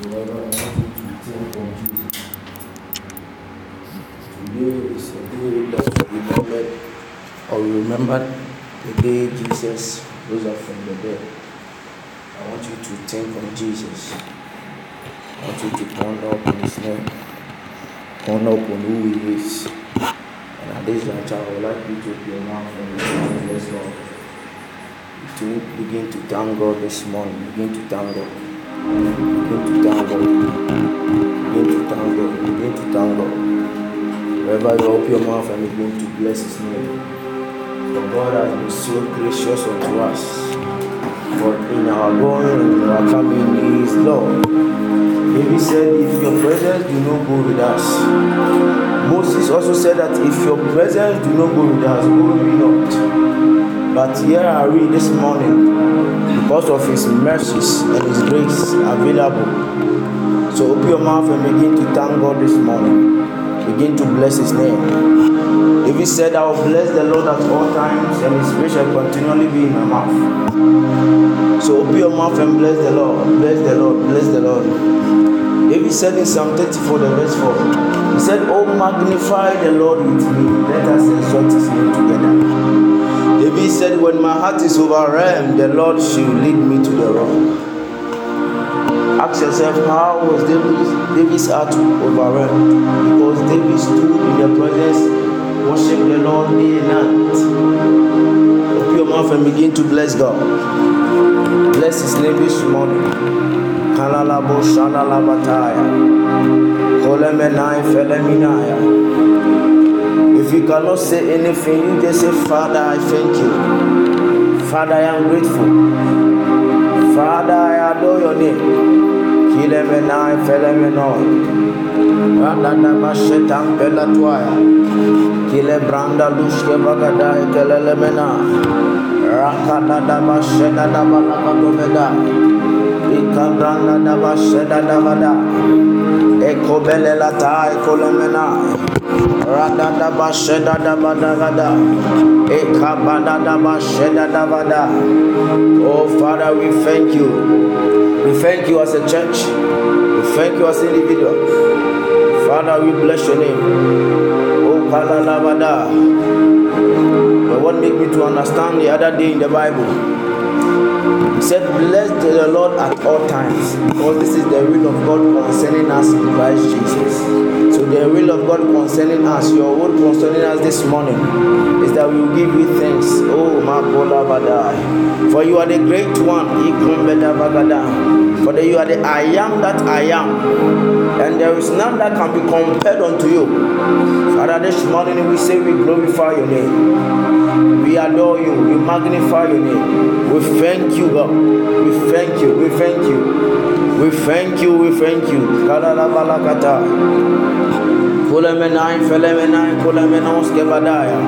I wanted to think on Jesus. Today is a day that we remembered or remembered the day Jesus rose up from the dead. I want you to think on Jesus. I want you to ponder upon his name. Ponder upon who he is. And at this juncture, I would like you to be around from the Lord. To begin to thank God this morning. Begin to thank God. Begin to download. Begin to download. Begin to download. Wherever you open your mouth and begin to bless His name. For God has been so gracious unto us. For in our going and our coming is Lord. David said, If your presence do not go with us. Moses also said that if your presence do not go with us, go with me not. But here I read this morning, because of His mercies and His grace available. So open your mouth and begin to thank God this morning. Begin to bless His name. David said, I will bless the Lord at all times, and His praise shall continually be in my mouth. So open your mouth and bless the Lord. Bless the Lord. Bless the Lord. David said in Psalm 34, the verse 4, he said, Oh, magnify the Lord with me. Let us exalt his name together. David said, When my heart is overwhelmed, the Lord shall lead me to the rock. Ask yourself, how was David's heart overwhelmed? Because David stood in the presence, worshiping the Lord day and night. Open your mouth and begin to bless God. Bless his name this morning. Kalalabo Shalalabataya. Kolemenai Feleminaya. If you cannot say anything, you just say, Father, I thank you. Father, I am grateful. Father, I adore your name. Kilemenai felemenoi. Radada bashetam pelatuaya. Kilebranda luske bagadai kelelemena. Rakadada bashedada balakatomedai. Ikabranda da bashedada bada. Ekobelela ta ekolemena. Rada Oh Father, we thank you. We thank you as a church. We thank you as individuals. Father, we bless your name. Oh Palalabada. The one make me to understand the other day in the Bible. He said, "Bless the Lord at all times, because this is the will of God concerning us in Christ Jesus the will of God concerning us, your will concerning us this morning, is that we will give you thanks. Oh, Makola Badai. For you are the great one, For you are the I am that I am. And there is none that can be compared unto you. Father, this morning we say we glorify your name. We adore you. We magnify your name. We thank you, God. We thank you. We thank you. We thank you, we thank you. Kalalabalakata. Kulemenai, felemenai, kulemenos kebadaya.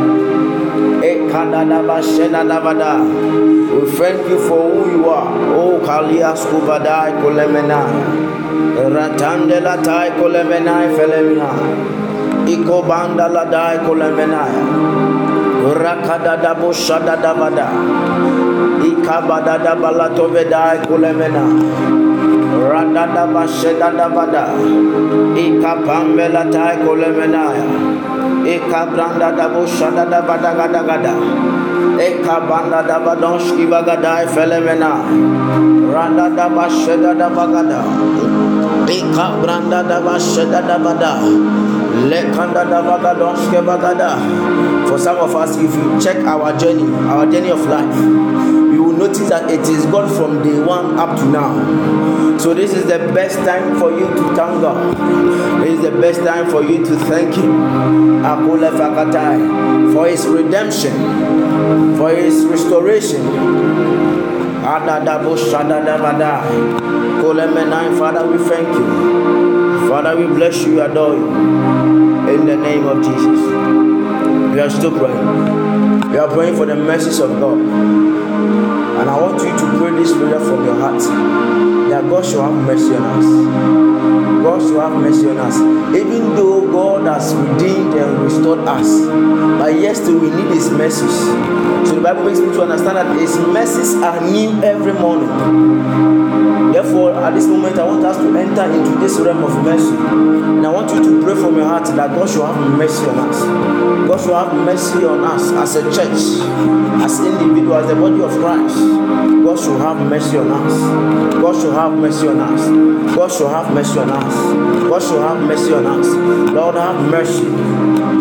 We thank you for who you are. Oh, Kalias kubadai kulemenai. Ratandelatai kulemenai felemenai. Ikobandaladai kulemenai. Rakadadabushadadabada. Ikabadadabalatovedai kulemenai radada bashedada bada ikapambela tai kolemenaya ikabranda da bushada da bada gada gada ikabanda da badoshki bagada felemena radada bashedada bagada ikabranda da bashedada bada lekanda da bagadoshke bagada for some of us if you check our journey our journey of life notice that it is God from day one up to now. So this is the best time for you to thank God. This is the best time for you to thank Him. Akule Fakatai for His redemption, for His restoration. Father, we thank you. Father, we bless you, adore you. In the name of Jesus. We are still praying. We are praying for the mercies of God. And I want you to pray this prayer from your heart that God should have mercy on us. God should have mercy on us. Even though God has redeemed and restored us, but yet still we need His mercies. So the Bible makes me to understand that His mercies are new every morning. Therefore, at this moment, I want us to enter into this realm of mercy. And I want you to pray from your heart that God should have mercy on us. God should have mercy on us as a church, as individuals, as the body of Christ. God should have mercy on us. God should have have mercy on us. God should have mercy on us. God should have mercy on us. Lord, have mercy.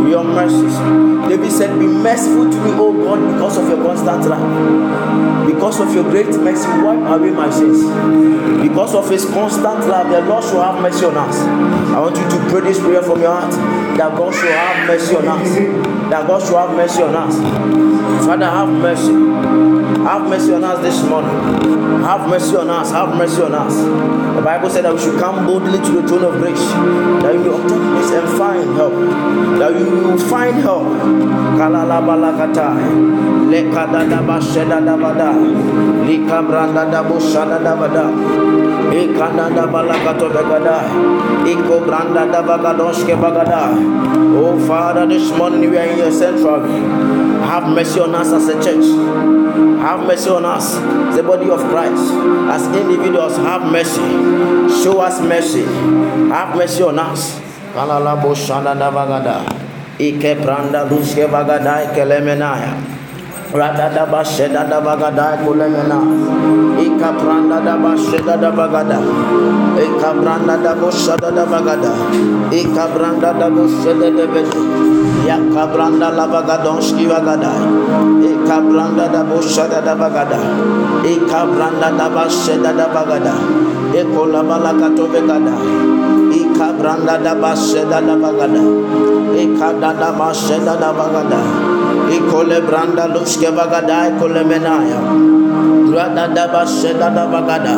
Your mercies. David said, Be merciful to me, O God, because of your constant love. Because of your great mercy, wipe away my sins. Because of his constant love, the Lord should have mercy on us. I want you to pray this prayer from your heart that God should have mercy on us that God should have mercy on us. Father, have mercy. Have mercy on us this morning. Have mercy on us. Have mercy on us. The Bible said that we should come boldly to the throne of grace, that you may obtain grace and find help. That you will find help. Oh Father, this morning we are in here centrally. Have mercy on us as a church. Have mercy on us, the body of Christ. As individuals, have mercy. Show us mercy. Have mercy on us. Ike Pranda Vagada Ikelemenaya. Basheda Kulemena. Ika Pranda Basheda da boshada da bagada. da boshada da Yaka branda la bagadonski bagada. Eka branda da bosha da da bagada. Eka branda da bashe da da bagada. Eko la balakato begada. Eka branda da bashe da da bagada. Eka da da bashe da da bagada. Eko le branda luske bagada. Eko le menaya. Rada da bashe da da bagada.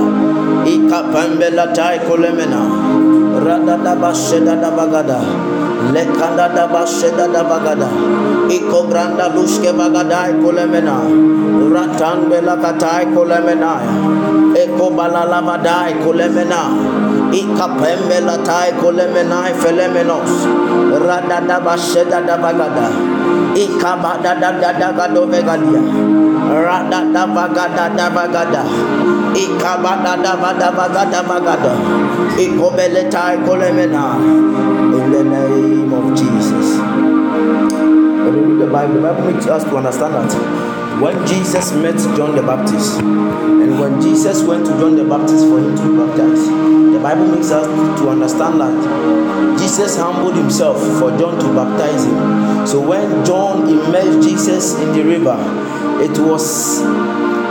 Eka pembela tai mena. Rada da bashe da bagada lekanda da basheda da bagada iko granda luske bagada Iko lemena. ratan bela katai lemena. eko balala badai kolemena ikapembe latai lemena. felemenos rada da basheda da bagada ikabada da da da gado vegadia rada da bagada da bagada ikabada da bagada bagada ikobele tai kolemena ilene the Bible, the Bible makes us to understand that when Jesus met John the Baptist, and when Jesus went to John the Baptist for him to baptize, the Bible makes us to understand that Jesus humbled himself for John to baptize him. So when John immersed Jesus in the river, it was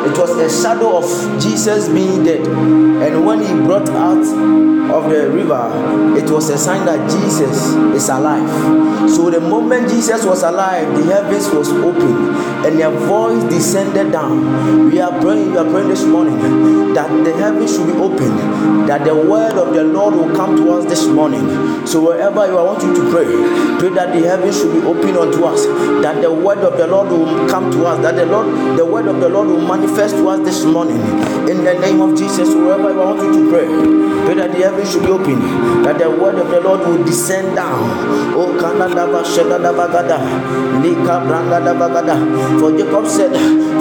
it was a shadow of Jesus being dead. And when he brought out of the river, it was a sign that Jesus is alive. So the moment Jesus was alive, the heavens was open and their voice descended down. We are praying, we are praying this morning that the heavens should be open, that the word of the Lord will come to us this morning. So wherever you are, I want you to pray. Pray that the heavens should be open unto us, that the word of the Lord will come to us, that the Lord, the word of the Lord will manifest manifest to us this morning. In the name of Jesus, wherever I want you to pray, pray that the heavens should be open, that the word of the Lord will descend down. Oh, Kanada, Kanadaba Shadadabagada, Nika Branda, Brandadabagada. For Jacob said,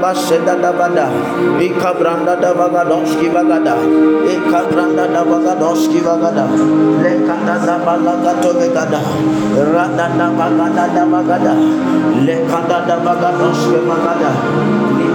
baseda da bada ikabranda da baga doski bagada ikabranda da baga doski bagada lekada da balaga to begada rada da baga da bagada lekada doski bagada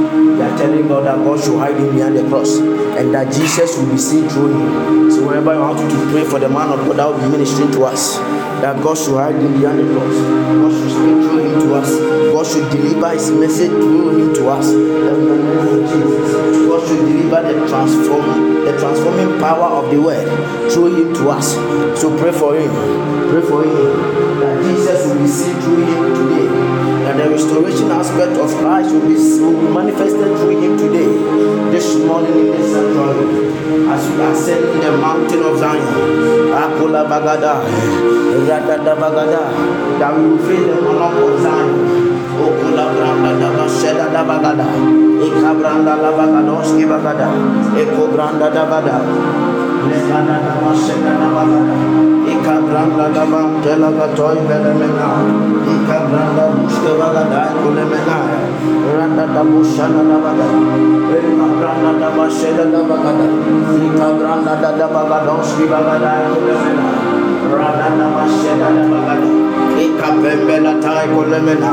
They are telling God that God should hide him behind the cross and that Jesus will be seen through him. So whenever you want to pray for the man of God that will be ministering to us, that God should hide him behind the cross. God should speak through him to us. God should deliver his message through him to us. God should deliver the transforming, the transforming power of the word through him to us. So pray for him. Pray for him that Jesus will be seen through him today that the restoration aspect of Christ will be manifested through him today, this morning in this sanctuary, as we ascend the mountain of Zion, Akula Bagada, Radada Bagada, that we will feel the monarch of Zion. Okula branda da bashela da bagada, ikabranda la bagada, ekobranda da bada, lekada da bashela da bagada ikabranda daba tela katoy belemena ikabranda buske baga dai kulemena randa dabu shana daba da ikabranda daba shela daba kada ikabranda daba baga doski baga dai kulemena randa daba shela daba kada ikapembela tai kulemena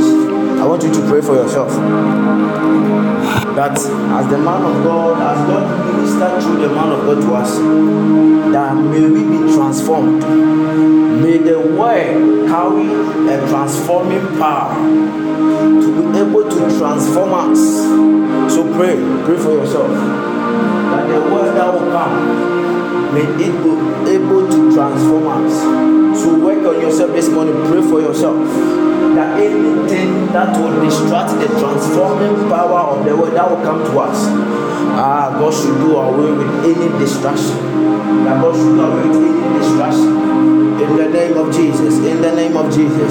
I want you to pray for yourself. That as the man of God, as God ministered through the man of God to us, that may we be transformed. May the word carry a transforming power to be able to transform us. So pray, pray for yourself. That the word that will come may it be able to transform us to work on yourself this morning, pray for yourself. That anything that will distract the transforming power of the word that will come to us, ah, God should do away with any distraction. That God should do away with any distraction. In the name of Jesus. In the name of Jesus.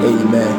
Amen.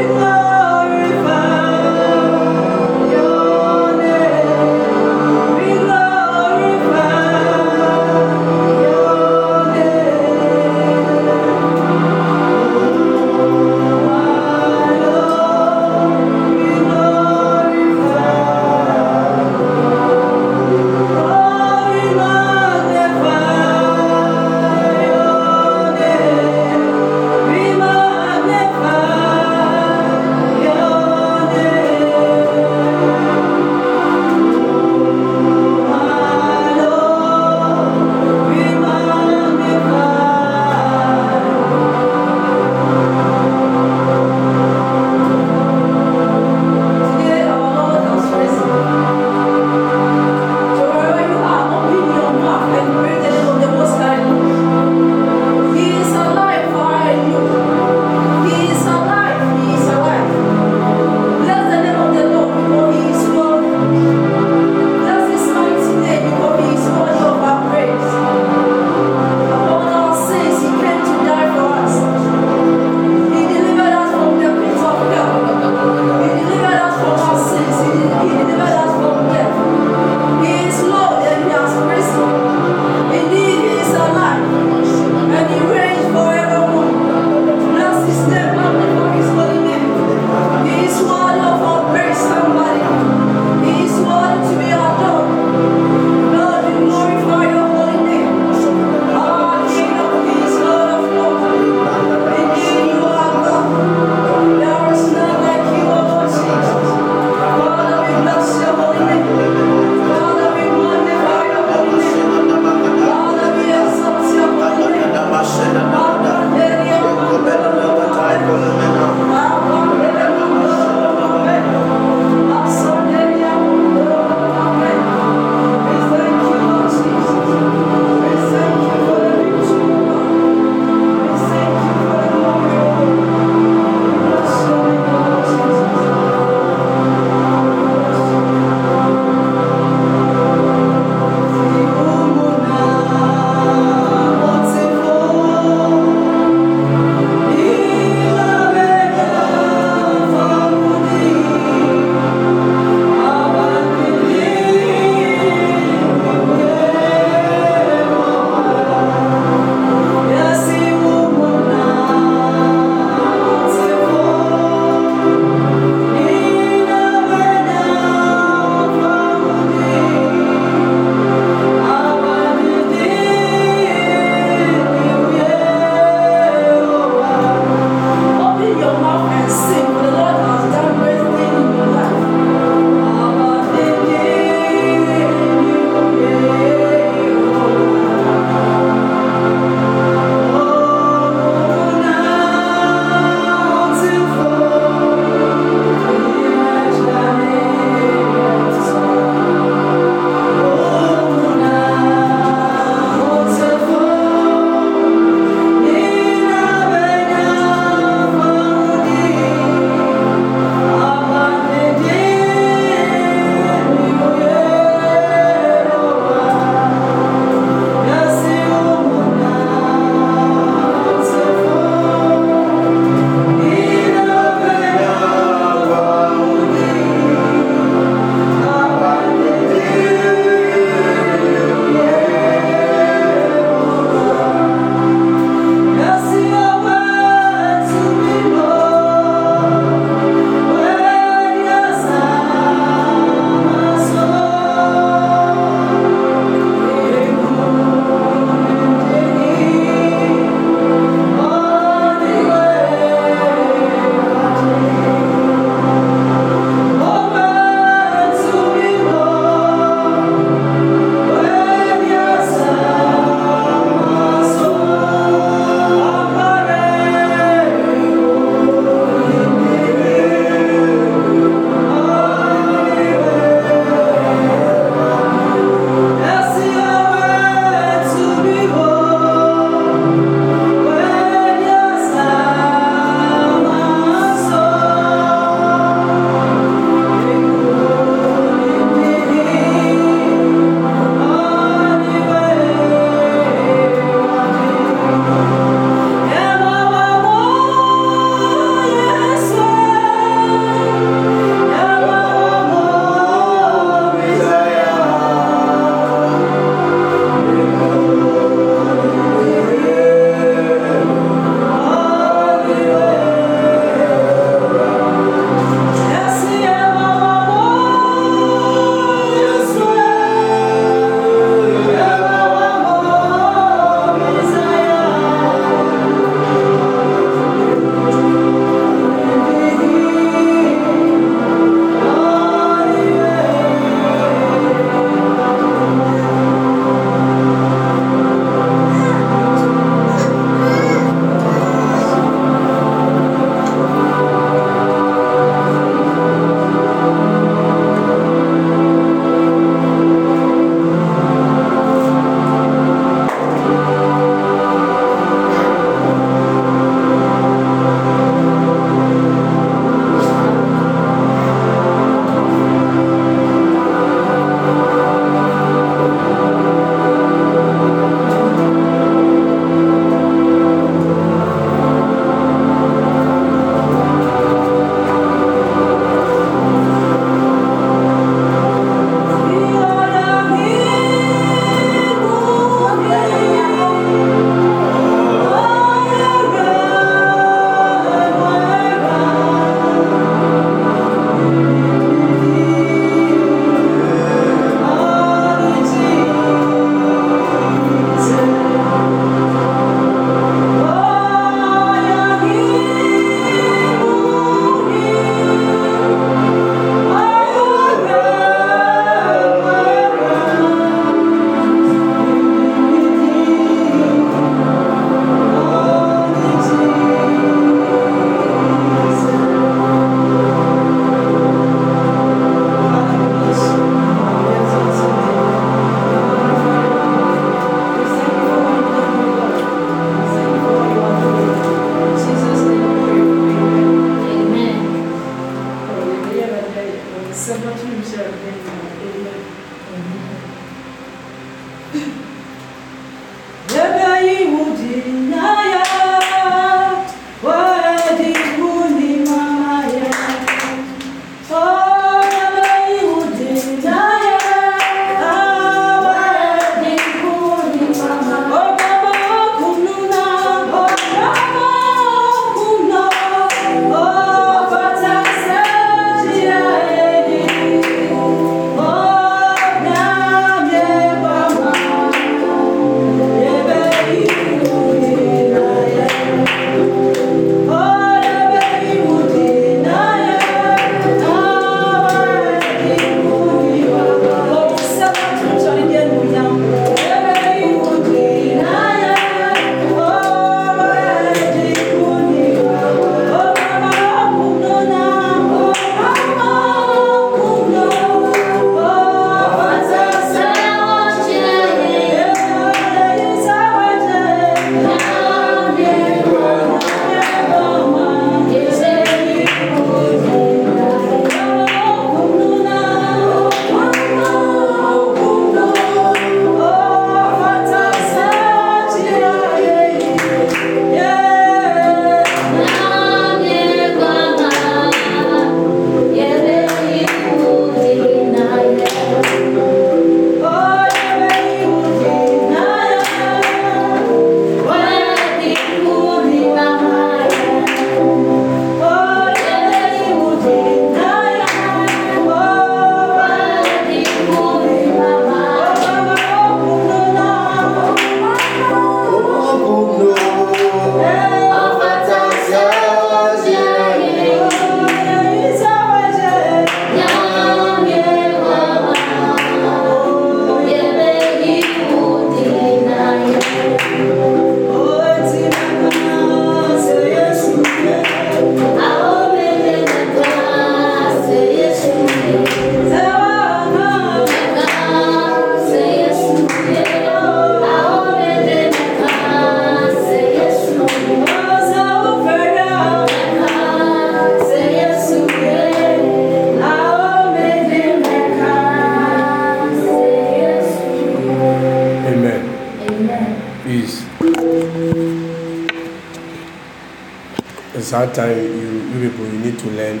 That time you, you people you need to learn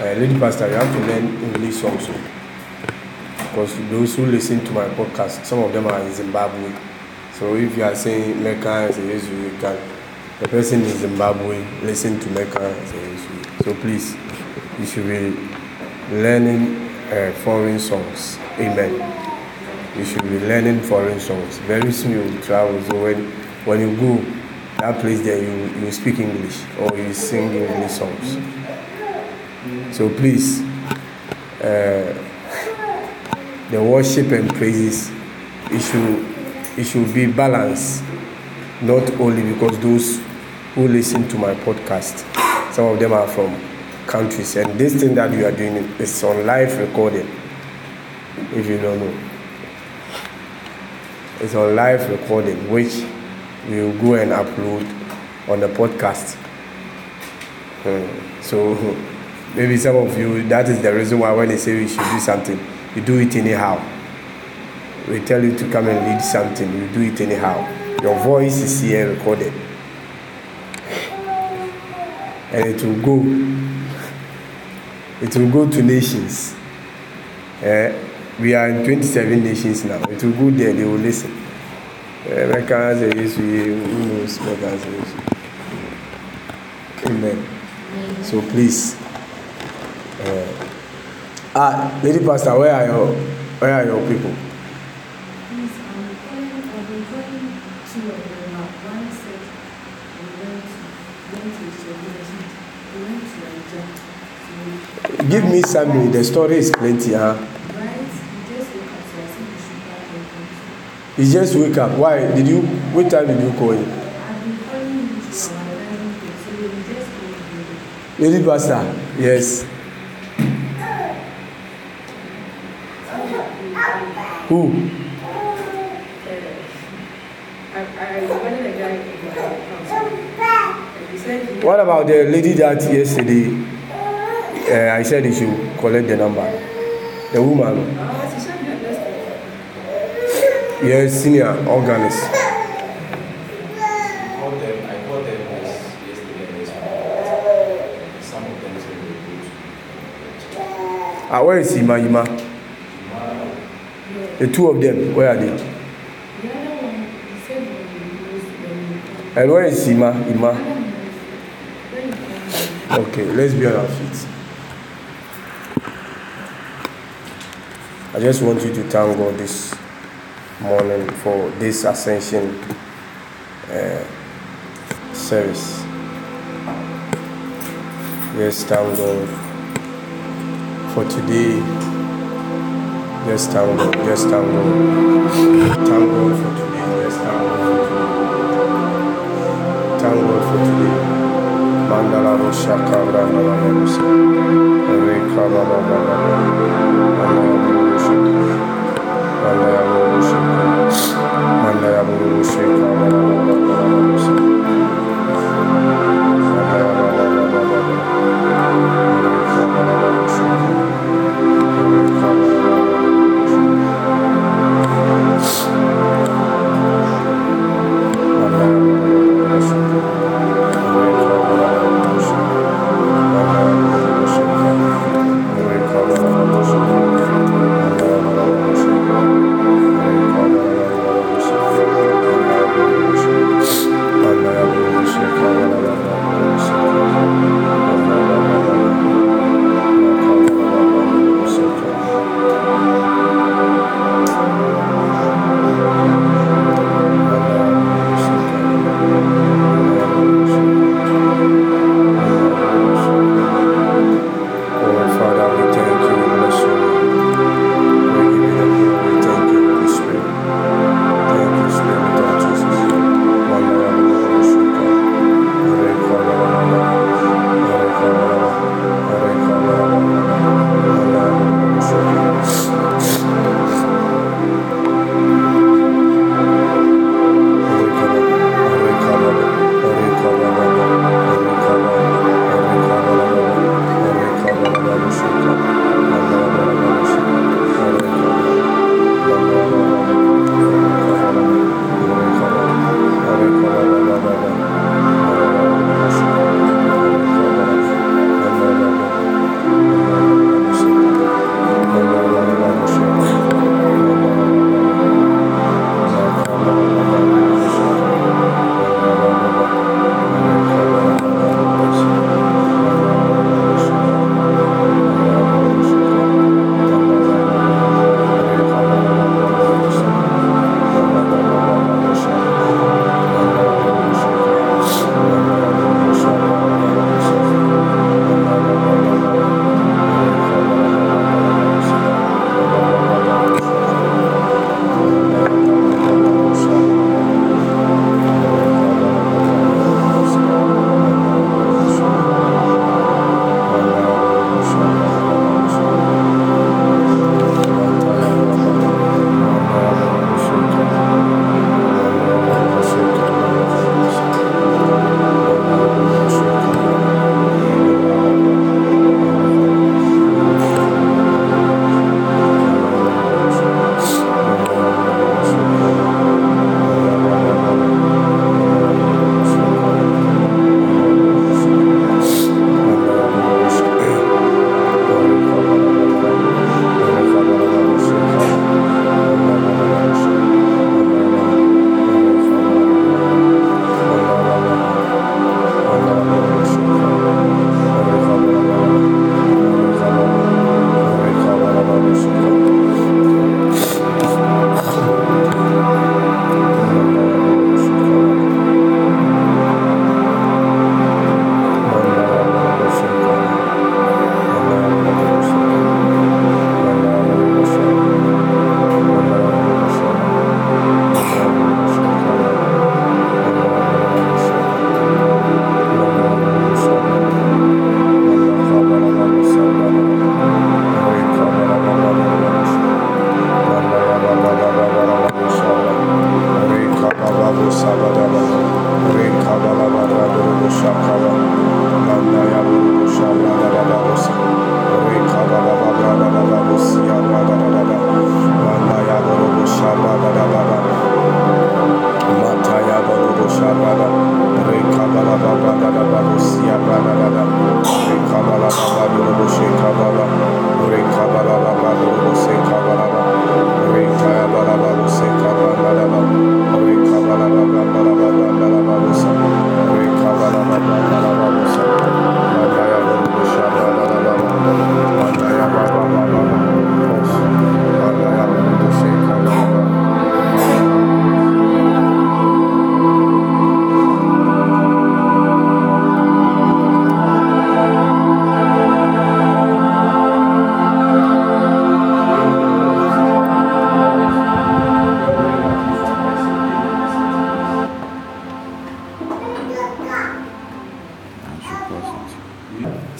uh, lady pastor you have to learn english also oh. because those who listen to my podcast some of them are in zimbabwe so if you are saying mecca say yes you can the person in zimbabwe listen to mecca say yes so please you should be learning uh, foreign songs amen you should be learning foreign songs very soon you will travel so when when you go that place there you, you speak English or you sing English songs. So please, uh, the worship and praises, it should, it should be balanced, not only because those who listen to my podcast, some of them are from countries, and this thing that you are doing is on live recording, if you don't know. It's on live recording, which we'll go and upload on the podcast. Hmm. So maybe some of you, that is the reason why when they say we should do something, you do it anyhow. We tell you to come and read something, you do it anyhow. Your voice is here recorded. And it will go. It will go to nations. Eh, we are in 27 nations now. It will go there, they will listen. É, eh, minha casa é isso e um knows minha Amen. So please. Uh, ah, Lady Pastor, where are your where are your people? Give me some. The story is plenty, huh? He just wake up. Why? Did you? What time did you call him? Lady Pastor, yes. Who? What about the lady that yesterday uh, I said she should collect the number? The woman. You're a senior organist. Ah, where is Ima Ima? The two of them, where are they? And where is Ima Ima? Okay, let's be on our feet. I just want you to thank God this morning for this ascension uh, service. Yes, thank God for today. Yes, thank God. Yes, thank God. Thank God for today. Yes, thank God. Thank God for today. Mandala Rusha Kabra Mandala Rusha Rekha Mandala Rusha Mandala Rusha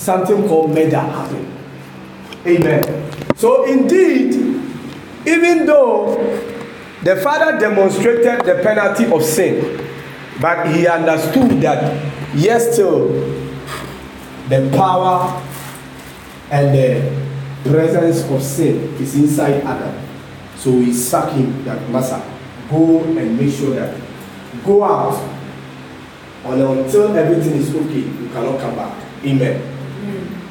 something called murder happened. Amen. So indeed, even though the father demonstrated the penalty of sin, but he understood that yes, still the power and the presence of sin is inside Adam. So we sack him that massa. go and make sure that go out and until everything is okay, you cannot come back. Amen.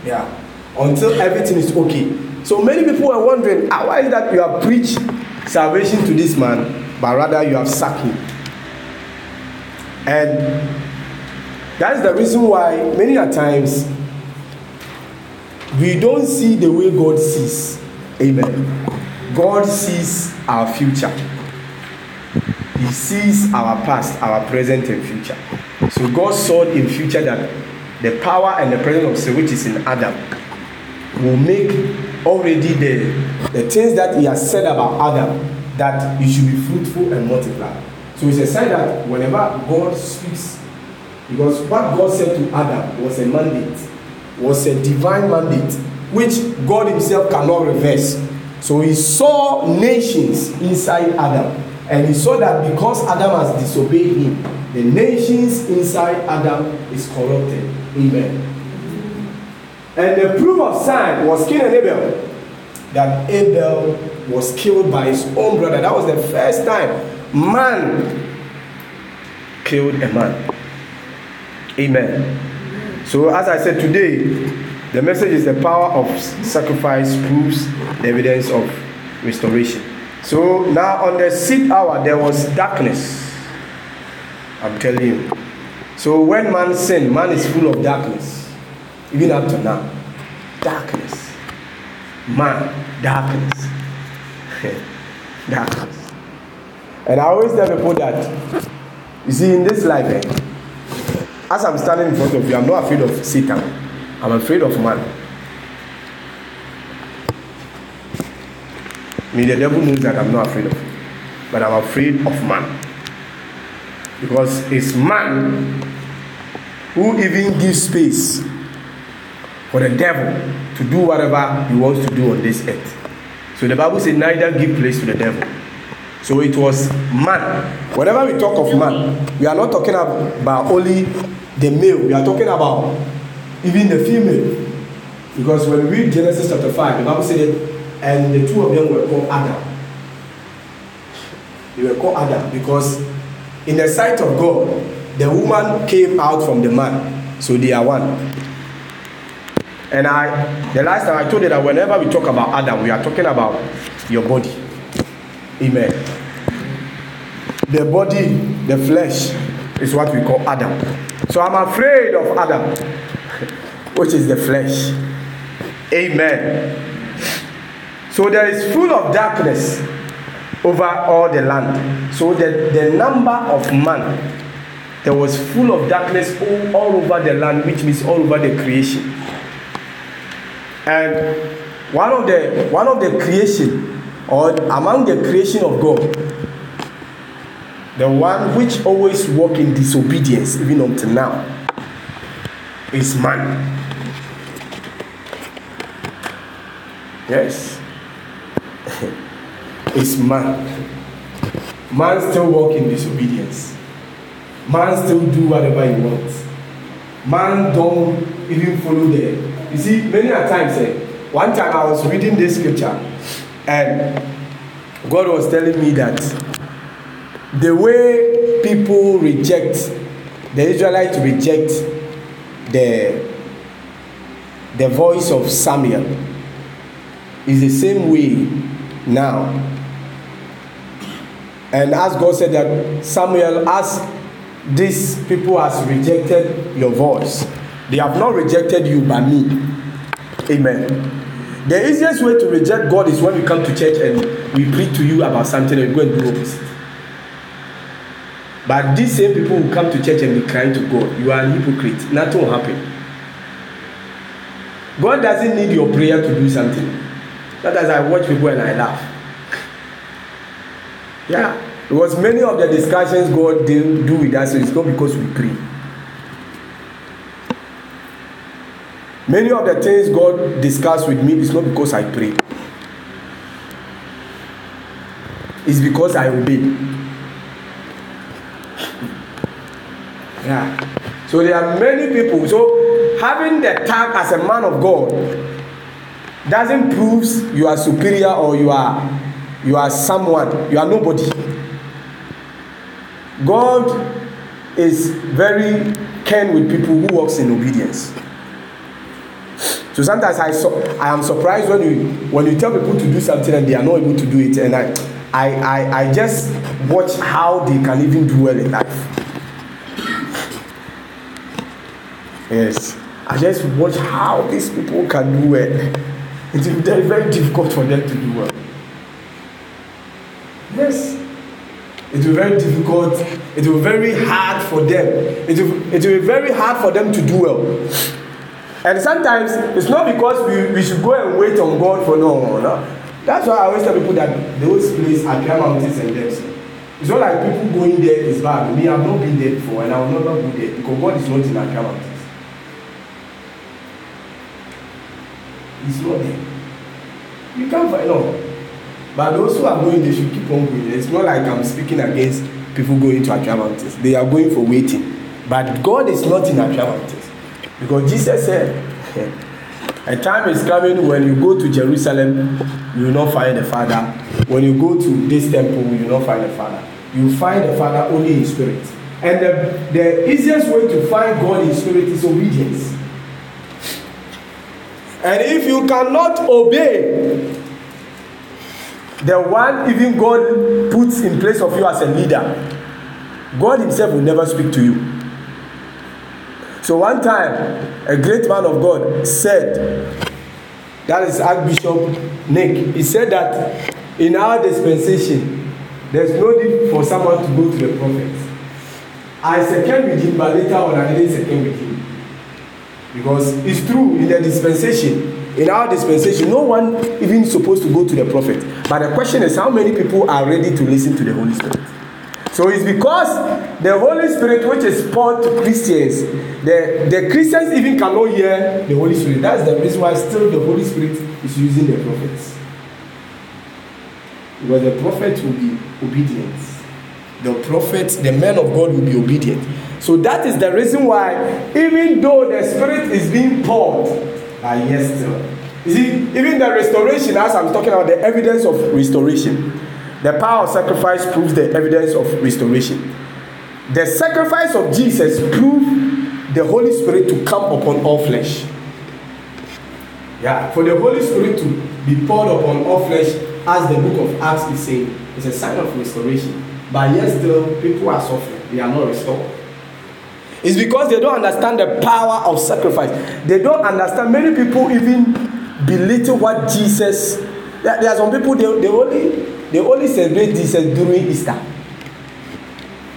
Yeah. Until everything is okay. So many people were wondering, ah, why is that you have preached salvation to this man, but rather you have sacked him? And that is the reason why many a times we don't see the way God sees. Amen. God sees our future. He sees our past, our present, and future. So God saw in future that the power and the presence of sin which is in Adam will make already the the things that he has said about Adam that you should be fruitful and multiply. So it's a sign that whenever God speaks, because what God said to Adam was a mandate, was a divine mandate, which God Himself cannot reverse. So He saw nations inside Adam, and He saw that because Adam has disobeyed Him, the nations inside Adam is corrupted. Amen. And the proof of sign was Cain and Abel. That Abel was killed by his own brother. That was the first time man killed a man. Amen. So, as I said today, the message is the power of sacrifice proves the evidence of restoration. So, now on the sixth hour, there was darkness. I'm telling you. So when man sin, man is full of darkness, even up to now. Darkness. Man, darkness. darkness. And I always tell people that, you see, in this life, eh, as I'm standing in front of you, I'm not afraid of Satan. I'm afraid of man. Me, the devil knows that I'm not afraid of, but I'm afraid of man because it's man who even gives space for the devil to do whatever he wants to do on this earth. So the Bible says, neither give place to the devil. So it was man. Whenever we talk of man, we are not talking about only the male, we are talking about even the female. Because when we read Genesis chapter 5, the Bible said, and the two of them were called Adam. They were called Adam because in the sight of God, The woman came out from the man, so they are one. And I, the last time I told you that whenever we talk about Adam, we are talking about your body. Amen. The body, the flesh, is what we call Adam. So I'm afraid of Adam, which is the flesh. Amen. So there is full of darkness over all the land. So the, the number of man there was full of darkness all, all over the land, which means all over the creation. And one of the one of the creation, or among the creation of God, the one which always walk in disobedience, even until now, is man. Yes. it's man. Man still walk in disobedience man still do whatever he wants man don't even follow there you see many a times eh one time i was reading this scripture and god was telling me that the way people reject the israelites reject the the voice of samuel is the same way now and as god said that samuel asked these people has rejected your voice they have not rejected you by me amen the easiest way to reject God is when you come to church and we preach to you about something and you go and do opposite but these same people who come to church and be crying to God you are a hypocrite nothing will happen God doesn't need your prayer to do something that is I watch people and I laugh yeah Because many of the discussions God didn't do with us, so it's not because we pray. Many of the things God discuss with me is not because I pray. It's because I obey. Yeah. So there are many people. So having the tag as a man of God doesn't prove you are superior or you are you are someone. You are nobody. God is very keen with people who works in obedience. So sometimes I so, I am surprised when you when you tell people to do something and they are not able to do it, and I I I, I just watch how they can even do well in life. Yes, I just watch how these people can do well. It is very very difficult for them to do well. Yes. It will be very difficult. It will be very hard for them. It will, it will be very hard for them to do well. And sometimes it's not because we, we should go and wait on God for no, no. That's why I always tell people that those places are clear mountains and depths. It's not like people going there is bad. Me, I've not been there before and I will never go there because God is not in Accra mountains. He's not there. You can't find out. No. But those who are going, they should keep on going. It's not like I'm speaking against people going to Accra Mountains. They are going for waiting. But God is not in Accra Mountains. Because Jesus said, A time is coming when you go to Jerusalem, you will not find the Father. When you go to this temple, you will not find the Father. You find the Father only in spirit. And the, the easiest way to find God in spirit is obedience. And if you cannot obey, the one even God puts in place of you as a leader, God Himself will never speak to you. So one time, a great man of God said, that is Archbishop Nick, he said that in our dispensation, there's no need for someone to go to the prophet. I second with him, but later on I didn't second with him. Because it's true, in the dispensation, in our dispensation no one even supposed to go to the prophet but the question is how many people are ready to listen to the holy spirit so it's because the holy spirit which is poured to christians the the christians even cannot hear the holy spirit that's the reason why still the holy spirit is using the prophets because the prophet will be obedient the prophet the man of god will be obedient so that is the reason why even though the spirit is being poured are ah, yet still. You see, even the restoration, as I'm talking about the evidence of restoration, the power of sacrifice proves the evidence of restoration. The sacrifice of Jesus proved the Holy Spirit to come upon all flesh. Yeah, for the Holy Spirit to be poured upon all flesh, as the book of Acts is saying, is a sign of restoration. But yet still, people are suffering. They are not restored. It's because they don't understand the power of sacrifice. They don't understand. Many people even belittle what Jesus. There are some people they, they only they only celebrate Jesus during Easter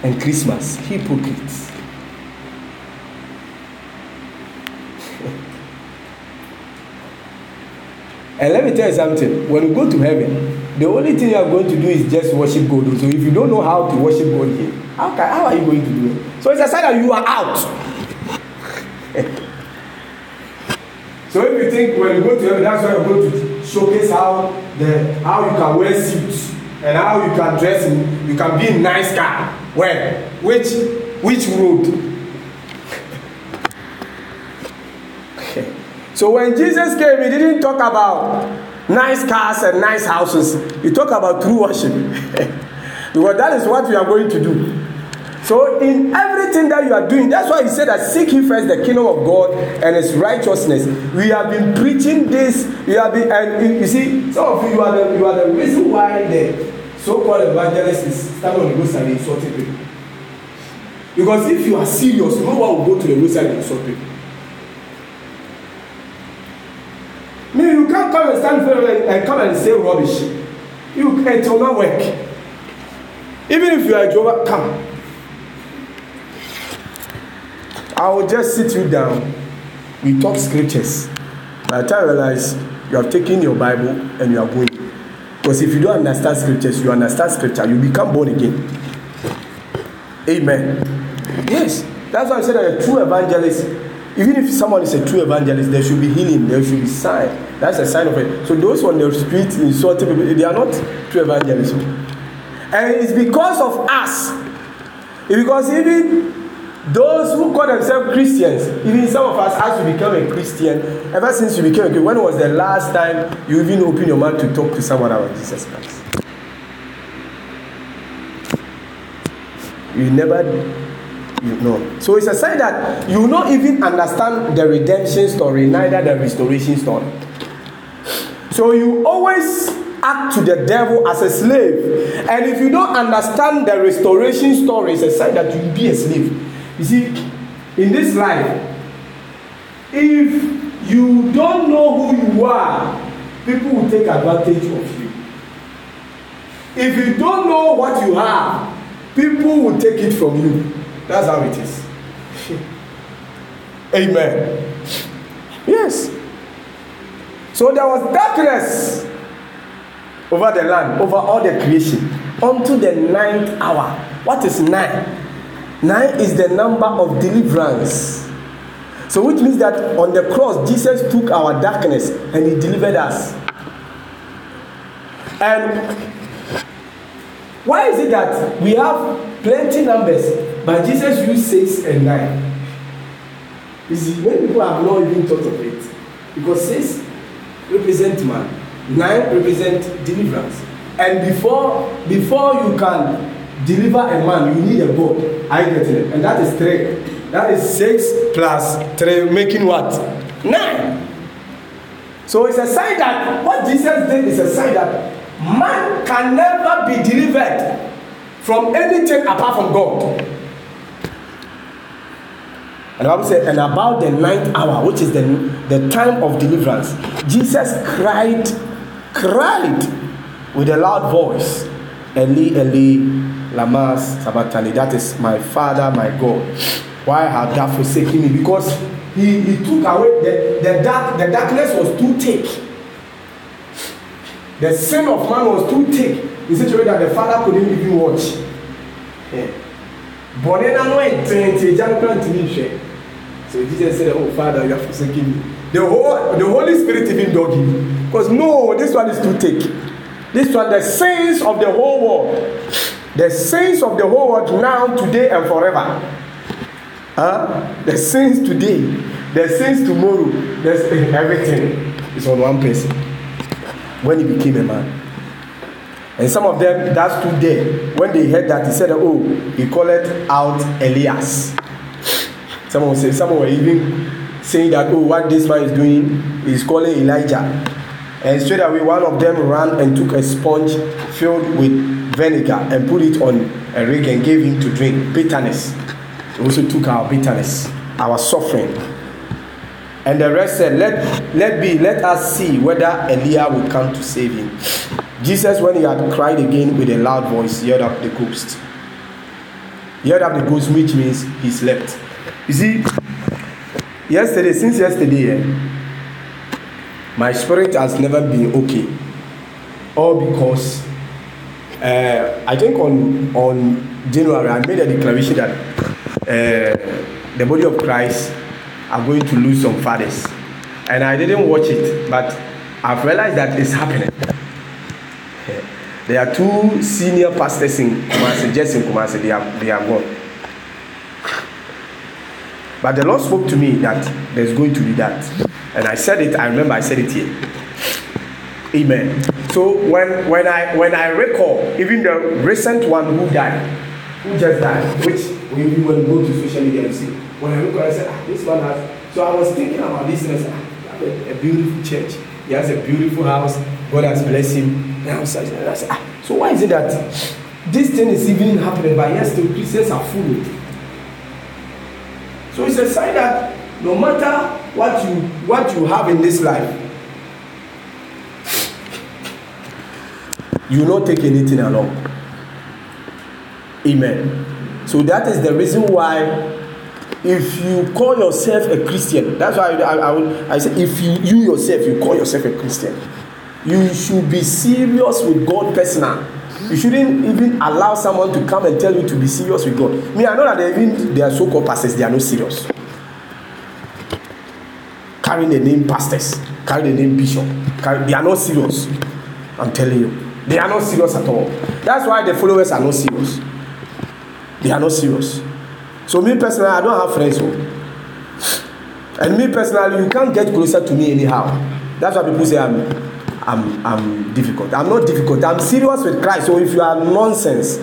and Christmas. Hypocrites. and let me tell you something. When you go to heaven, the only thing you are going to do is just worship God. So if you don't know how to worship God here, how, can, how are you going to do it? So it's a sign that you are out. so if you think when you go to heaven, that's why you're going to showcase how the how you can wear suits and how you can dress in, you can be in nice car. Where? Which which road? so when Jesus came, he didn't talk about nice cars and nice houses. He talked about true worship. because that is what we are going to do. So in everything that you are doing, that's why he said that seek ye first the kingdom of God and his righteousness. We have been preaching this. We have been, and you see, some of you, you are the, you are the reason why the so-called evangelist is standing on the roadside and insulting people. Because if you are serious, no one will go to the roadside and insult people. I mean, you can't come and stand in front and, and come and say rubbish. You, it will not work. Even if you are a Jehovah, come. I will just sit you down. We talk scriptures. By the time I realize you have taken your Bible and you are going. Because if you don't understand scriptures, you understand scripture, you become born again. Amen. Yes, that's why I said that a true evangelist, even if someone is a true evangelist, there should be healing, there should be sign. That's a sign of it. So those on the street insulting people, they are not true evangelists. And it's because of us. It's because even Those who call themselves Christians, even some of us, as you become a Christian, ever since you became a Christian, when was the last time you even opened your mouth to talk to someone about Jesus Christ? You never, you know. So it's a sign that you not even understand the redemption story, neither the restoration story. So you always act to the devil as a slave. And if you don't understand the restoration story, it's a sign that you'll be a slave. You see, in this life, if you don't know who you are, people will take advantage of you. If you don't know what you have, people will take it from you. That's how it is. Amen. Yes. So there was darkness over the land, over all the creation, until the ninth hour. What is nine? Nine is the number of deliverance. So, which means that on the cross, Jesus took our darkness and he delivered us. And why is it that we have plenty numbers, but Jesus used six and nine? You see, many people have not even thought of it because six represent man, nine represent deliverance, and before before you can deliver a man you need a God. I get it and that is three that is six plus three making what nine so it's a sign that what jesus did is a sign that man can never be delivered from anything apart from god and the bible say and about the ninth hour which is the the time of deliverance jesus cried cried with a loud voice eli eli Lamas Sabatani, that is my father, my God. Why have God forsaken me? Because he, he took away the, the dark, the darkness was too thick. The sin of man was too thick in such a way that the father couldn't even watch. Bọ̀dé nánú ẹ̀tẹ̀n ti So Jesus said, Oh father, you have forsaken me. The, whole, the Holy Spirit even dug him. Because no, this one is too thick. This one, the sins of the whole world. The sins of the whole world now, today, and forever. Huh? The sins today, the sins tomorrow, the sins, everything is on one person. When he became a man. And some of them that stood there, when they heard that, he said, Oh, he called it out Elias. Someone say, someone were even saying that, Oh, what this man is doing is calling Elijah. And straight away, one of them ran and took a sponge filled with vinegar and put it on a rig and gave him to drink. Bitterness. He also took our bitterness, our suffering. And the rest said, Let, let be, let us see whether Elia will come to save him. Jesus, when he had cried again with a loud voice, yelled up the ghost. Yelled up the ghost, which means he slept. You see, yesterday, since yesterday, eh, my spirit has never been okay. All because uh, I think on on January I made a declaration that uh, the body of Christ are going to lose some fathers, and I didn't watch it, but I've realized that it's happening. There are two senior pastors in Kumasi, just in Kumasi, they are, they are gone. But the Lord spoke to me that there's going to be that. And I said it, I remember I said it here. Amen. So when when I when I recall even the recent one who died, who just died, which when you when go to social media and see, when I recall I said, ah, this one has. So I was thinking about this and I said, ah, have a, a beautiful church. He has a beautiful house. God has blessed him. And I was like, I said, ah, so why is it that this thing is even happening? But yes, the Christians are full. So it's a sign that no matter what you what you have in this life, you not take anything along. Amen. So that is the reason why if you call yourself a Christian, that's why I, I, I, would, I say if you, you yourself, you call yourself a Christian, you should be serious with God personal. You shouldn't even allow someone to come and tell you to be serious with God. Me, I know that they even their are so-called pastors, they are not serious. Carrying the name pastors, carrying the name bishop, carry, they are not serious. I'm telling you. They are not serious at all. That's why the followers are not serious. They are not serious. So me personally, I don't have friends. Oh. And me personally, you can't get closer to me anyhow. That's why people say I'm, I'm, I'm difficult. I'm not difficult. I'm serious with Christ. So if you are nonsense,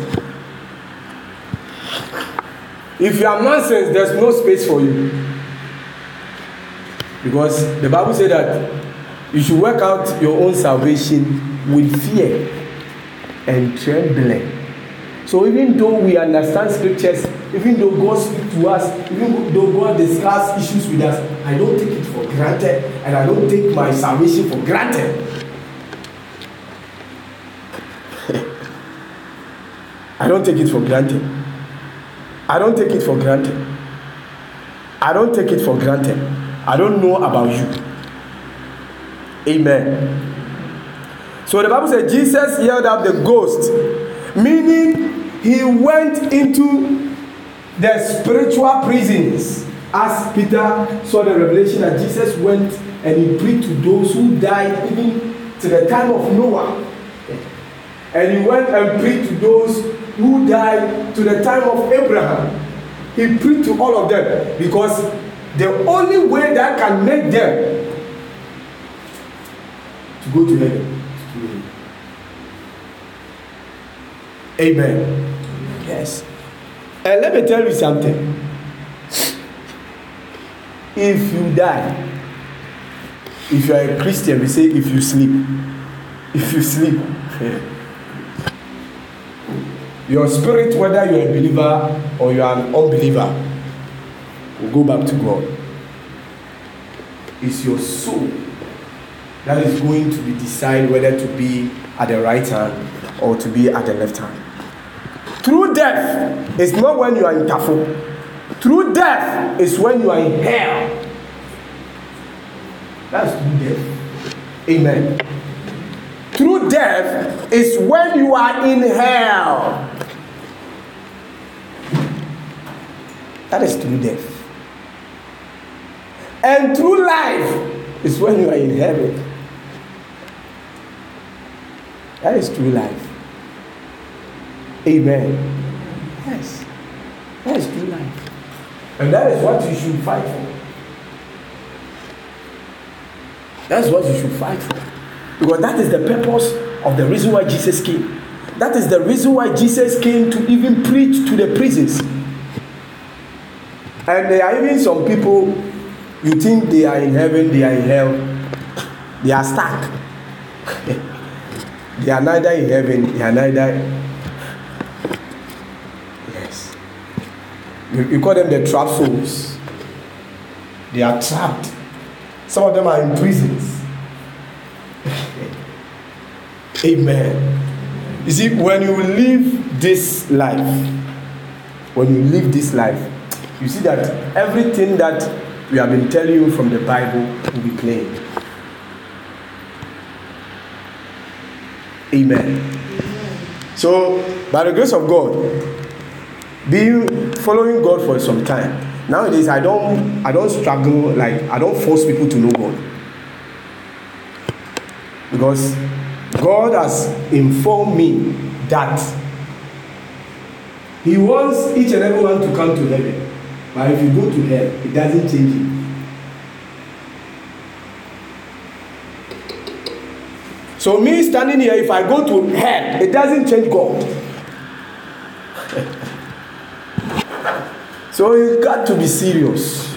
if you are nonsense, there's no space for you. Because the Bible says that you should work out your own salvation with fear and trembling. So even though we understand scriptures, even though God speaks to us, even though God discusses issues with us, I don't take it for granted and I don't take my salvation for granted. I don't take it for granted. I don't take it for granted. I don't take it for granted. I don't know about you. Amen. So the Bible says Jesus yelled out the ghost, meaning he went into the spiritual prisons as Peter saw the revelation that Jesus went and he preached to those who died even to the time of Noah. And he went and preached to those who died to the time of Abraham. He preached to all of them because the only way that can make them to go to heaven. Amen. Yes. And eh, let me tell you something. If you die, if you are a Christian, we say if you sleep, if you sleep, your spirit, whether you are a believer or you are an unbeliever, will go back to God. It's your soul that is going to be decide whether to be at the right hand or to be at the left hand. True death is not when you are in Tafo. True death is when you are in hell. That's true death. Amen. True death is when you are in hell. That is true death. And true life is when you are in heaven. That is true life. Amen. Yes. That is true life. And that is what you should fight for. That's what you should fight for. Because that is the purpose of the reason why Jesus came. That is the reason why Jesus came to even preach to the prisons. And there are even some people, you think they are in heaven, they are in hell, they are stuck. They are neither in heaven, they are neither. Yes. You, you call them the trap souls. They are trapped. Some of them are in prisons. Amen. You see, when you live this life, when you live this life, you see that everything that we have been telling you from the Bible will be claimed. Amen. So, by the grace of God, being following God for some time. Nowadays, I don't I don't struggle like I don't force people to know God because God has informed me that He wants each and every one to come to heaven. But if you go to hell, it doesn't change you. So me standing here, if I go to hell, it doesn't change God. so you got to be serious.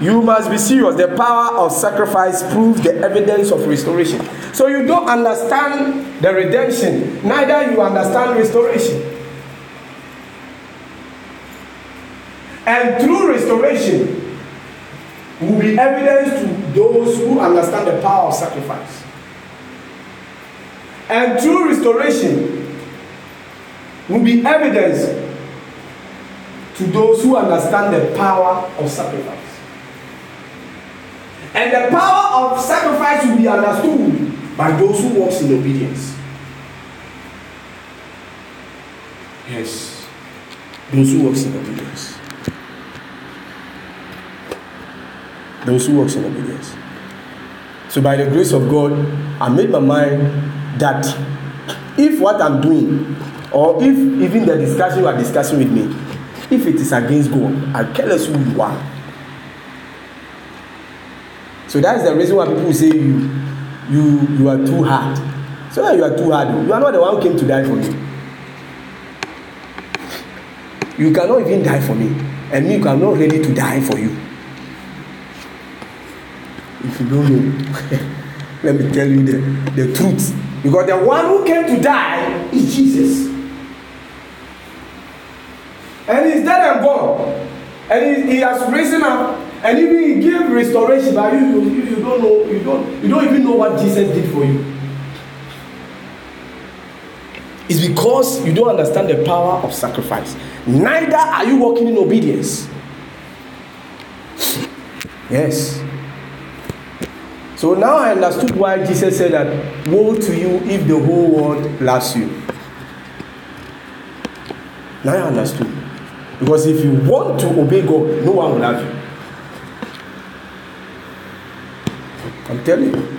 You must be serious. The power of sacrifice proves the evidence of restoration. So you don't understand the redemption, neither you understand restoration. And through restoration will be evidence to those who understand the power of sacrifice. And true restoration will be evidence to those who understand the power of sacrifice. And the power of sacrifice will be understood by those who walks in obedience. Yes, those who walks in obedience. Those who walks in obedience. So by the grace of God, I made my mind that if what i'm doing or if even the discussion you are discussing with me if it is against god i care less who you are so that is the reason why people say you you you are too hard so that you are too hard you are not the one who came to die for me you cannot even die for me and me i'm not ready to die for you if you don't know let me tell you the the truth Because the one who came to die is Jesus. And he's dead and gone, And he, he has risen up. And even he gave restoration, but you, you, you don't know, you don't, you don't even know what Jesus did for you. It's because you don't understand the power of sacrifice. Neither are you walking in obedience. Yes. So now I understood why Jesus said that, Woe to you if the whole world loves you. Now I understood. Because if you want to obey God, no one will love you. I'm telling you.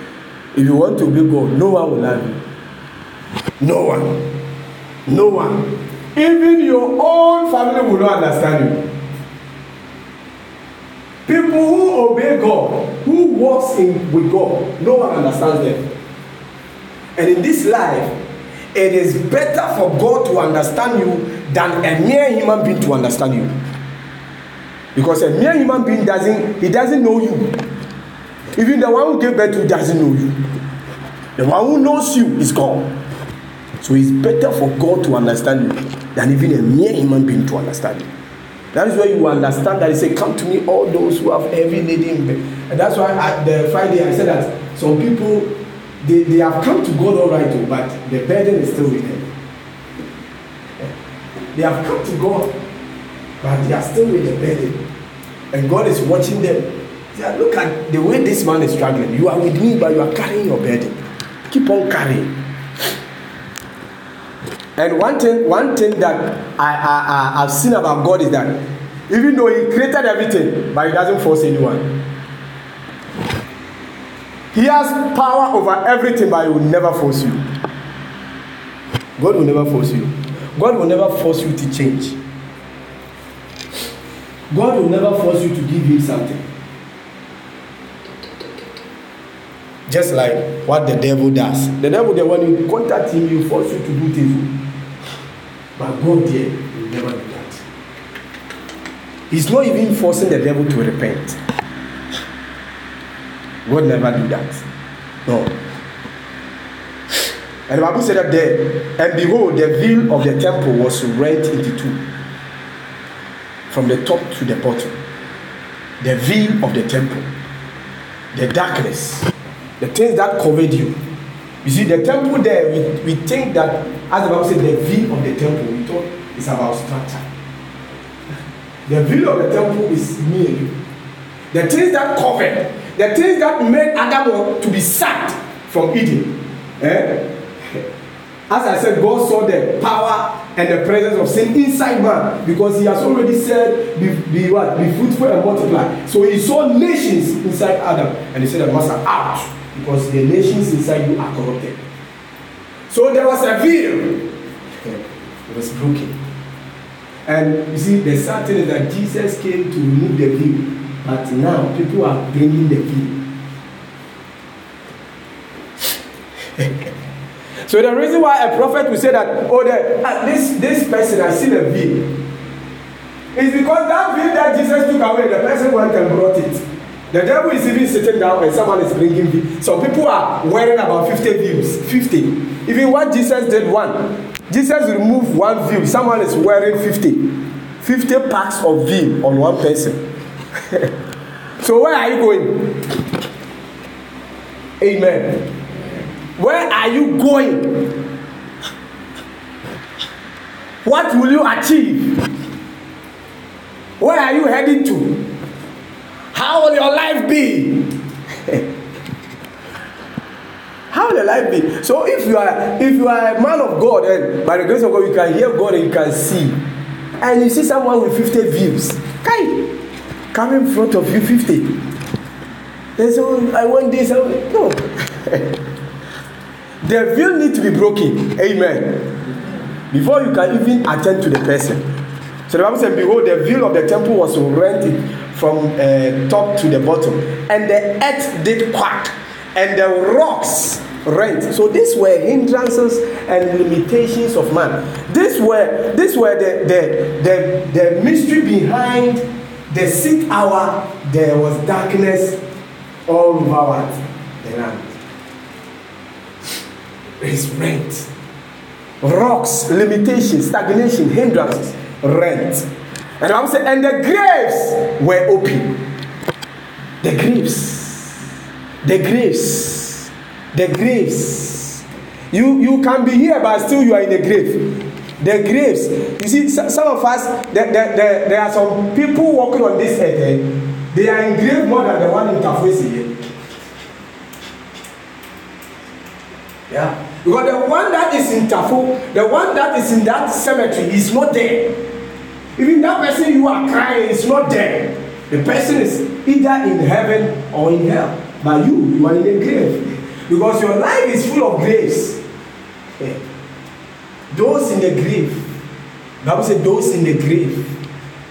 If you want to obey God, no one will love you. No one. No one. Even your own family will not understand you. People who obey God, who walks in with God, no one understands them. And in this life, it is better for God to understand you than a mere human being to understand you. Because a mere human being doesn't, he doesn't know you. Even the one who gave birth to you doesn't know you. The one who knows you is God. So it's better for God to understand you than even a mere human being to understand you. That is where you understand that he said, Come to me, all those who have heavy need And that's why at the Friday I said that some people they, they have come to God all right, oh, but the burden is still with them. They have come to God, but they are still with the burden. And God is watching them. Said, Look at the way this man is struggling. You are with me, but you are carrying your burden. Keep on carrying. And one thing, one thing that I, I, I, have seen about God is that even though He created everything, but He doesn't force anyone. He has power over everything, but He will never force you. God will never force you. God will never force you to change. God will never force you to give Him something. Just like what the devil does. The devil, the one you contact him, you force you to do things. But God dear will never do that. He's not even forcing the devil to repent. God never do that. No. And the Bible said that there, and behold, the veil of the temple was rent into two, from the top to the bottom. The veil of the temple, the darkness, the things that covered you, You see, the temple there, we, we think that, as the Bible says, the view of the temple, we thought it's about structure. The view of the temple is me and you. The things that covered, the things that made Adam to be sacked from Eden. Eh? As I said, God saw the power and the presence of sin inside man because He has already said, be, be, what, be fruitful and multiply. So He saw nations inside Adam and He said, I must out because the nations inside you are corrupted. So there was a veil. It was broken. And you see, the sad thing is that Jesus came to remove the veil, but now people are bringing the veil. so the reason why a prophet will say that, oh, the, uh, this, this person has seen a veil, is because that veil that Jesus took away, the person went and brought it. The devil is even sitting down and someone is bringing views. Some people are wearing about fifty views. Fifty. Even what Jesus did, one. Jesus remove one view. Someone is wearing fifty, fifty packs of view on one person. so where are you going? Amen. Where are you going? What will you achieve? Where are you heading to? How will your life be? How will your life be? So if you are if you are a man of God and by the grace of God you can hear God and you can see, and you see someone with fifty views, kai, come in front of you fifty and so oh, I want this. I No. the view need to be broken. Amen. Before you can even attend to the person. So the Bible said, Behold, the veil of the temple was rent from uh, top to the bottom. And the earth did quack, and the rocks rent. So these were hindrances and limitations of man. These were these were the the the, the mystery behind the sixth hour. There was darkness all over the land. It's rent. Rocks, limitations, stagnation, hindrances, rent. And I'm saying, and the graves were open. The graves. The graves. The graves. You, you can be here, but still you are in the grave. The graves. You see, some of us, the, the, the, there are some people walking on this earth. Eh? They are in grave more than the one in Tafwesi here. Eh? Yeah. Because the one that is in Tafu, the one that is in that cemetery is not there. Even that person you are crying is not there. The person is either in heaven or in hell. But you, you are in a grave. Because your life is full of graves. Yeah. Those in the grave. Bible said those in the grave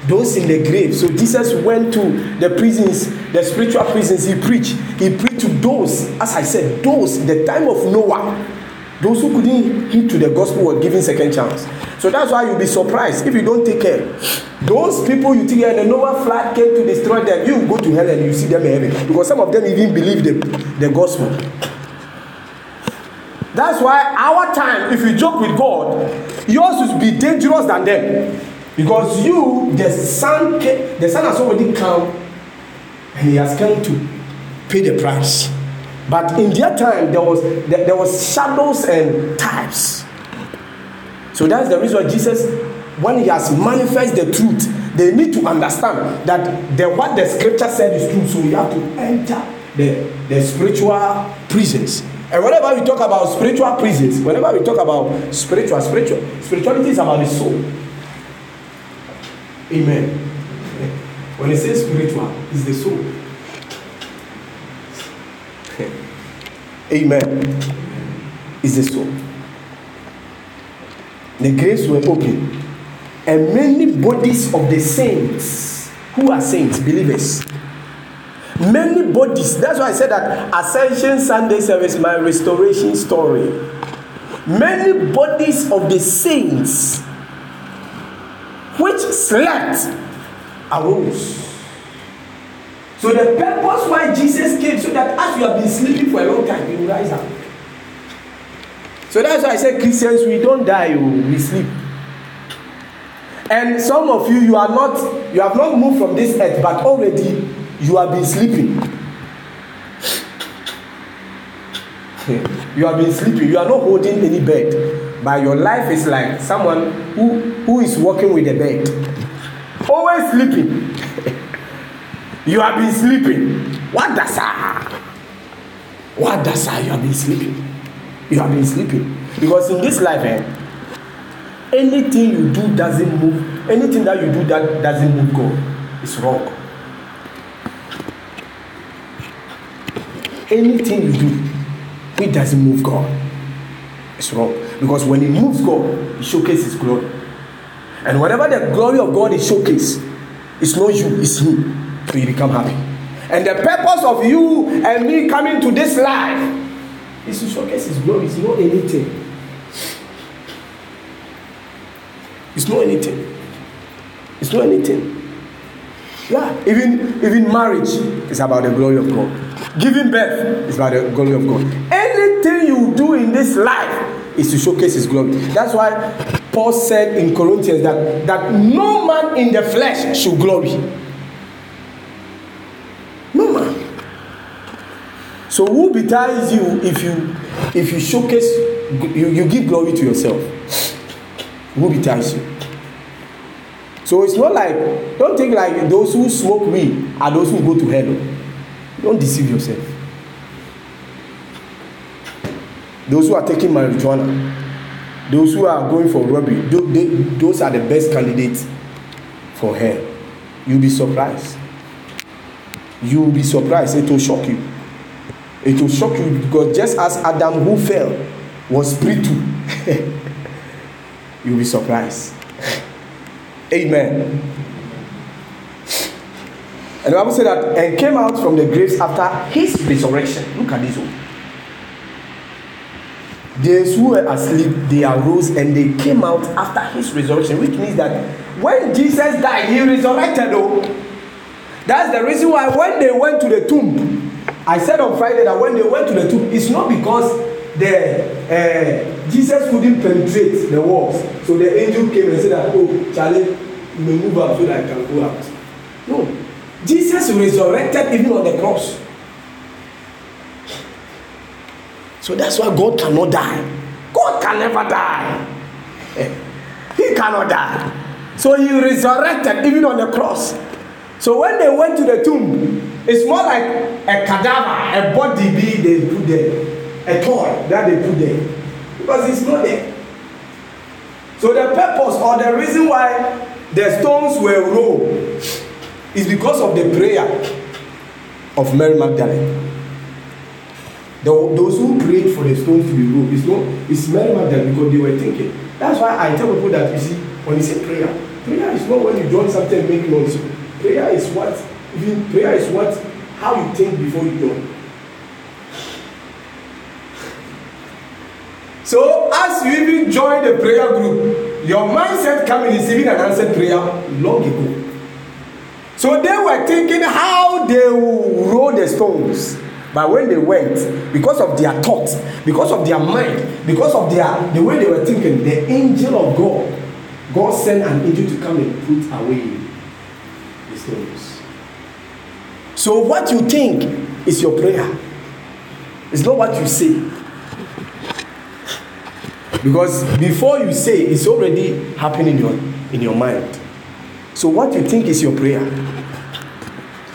those in the grave. So Jesus went to the prisons, the spiritual prisons. He preached. He preached to those, as I said, those, the time of Noah, those who couldn't heed to the gospel were given second chance. So that's why you'll be surprised if you don't take care. Those people you think the Noah flood came to destroy them, you go to hell and you see them in heaven. Because some of them even believe the, the gospel. That's why our time, if you joke with God, yours will be dangerous than them. Because you, the son, the son has already come and he has come to pay the price. But in their time, there was there, there was shadows and types. So that's the reason why Jesus, when he has manifest the truth, they need to understand that the, what the scripture said is true. So we have to enter the, the spiritual prisons. And whenever we talk about spiritual prisons, whenever we talk about spiritual, spiritual, spirituality is about the soul. Amen. When he says spiritual, it's the soul. Amen. Is the soul. The graves were open, and many bodies of the saints who are saints, believers, many bodies. That's why I said that Ascension Sunday service, my restoration story. Many bodies of the saints which slept arose. So the purpose why Jesus came, so that as you have been sleeping for a long time, you rise up. So that's why I say Christians, we don't die, oh, we sleep. And some of you, you are not, you have not moved from this earth, but already you have been sleeping. you have been sleeping. You are not holding any bed, but your life is like someone who who is walking with a bed, always sleeping. you have been sleeping. What does that? What does that? You have been sleeping you have been sleeping because in this life eh anything you do doesn't move anything that you do that doesn't move God is wrong anything you do which doesn't move God is wrong because when it moves God it showcases his glory and whatever the glory of God is showcased it's not you it's him so you become happy and the purpose of you and me coming to this life is to showcase His glory. It's not anything. It's not anything. It's not anything. Yeah, even even marriage is about the glory of God. Giving birth is about the glory of God. Anything you do in this life is to showcase His glory. That's why Paul said in Corinthians that that no man in the flesh should glory. So who betides you if you if you showcase you, you give glory to yourself? Who betides you? So it's not like don't think like those who smoke weed are those who go to hell. Don't deceive yourself. Those who are taking marijuana, those who are going for robbery, they, those are the best candidates for hell. You'll be surprised. You'll be surprised. It will shock you. It will shock you because just as Adam who fell was free spiritual, you'll be surprised. Amen. And the Bible say that and came out from the graves after his resurrection. Look at this one. Those who were asleep, they arose and they came out after his resurrection, which means that when Jesus died, he resurrected. Oh, that's the reason why when they went to the tomb, I said on Friday that when they went to the tomb, it's not because the uh, Jesus couldn't penetrate the walls. So the angel came and said that, oh, Charlie, you may move out so that I can go out. No. Jesus resurrected even on the cross. So that's why God cannot die. God can never die. Eh, he cannot die. So he resurrected even on the cross. So when they went to the tomb, It's more like a cadaver, a body Be they put there, a toy that they put there, because it's not there. So the purpose or the reason why the stones were rolled is because of the prayer of Mary Magdalene. The, those who prayed for the stones to be rolled, is not it's Mary Magdalene because they were thinking. That's why I tell people that you see, when you say prayer, prayer is not when you join something and make noise. Prayer is what you prayer is what how you think before you talk so as you even join the prayer group your mindset coming in receiving an answered prayer long ago so they were thinking how they will roll the stones but when they went because of their thoughts because of their mind because of their the way they were thinking the angel of god god sent an angel to come and put away the stones So what you think is your prayer. It's not what you say. Because before you say, it's already happening in your, in your mind. So what you think is your prayer.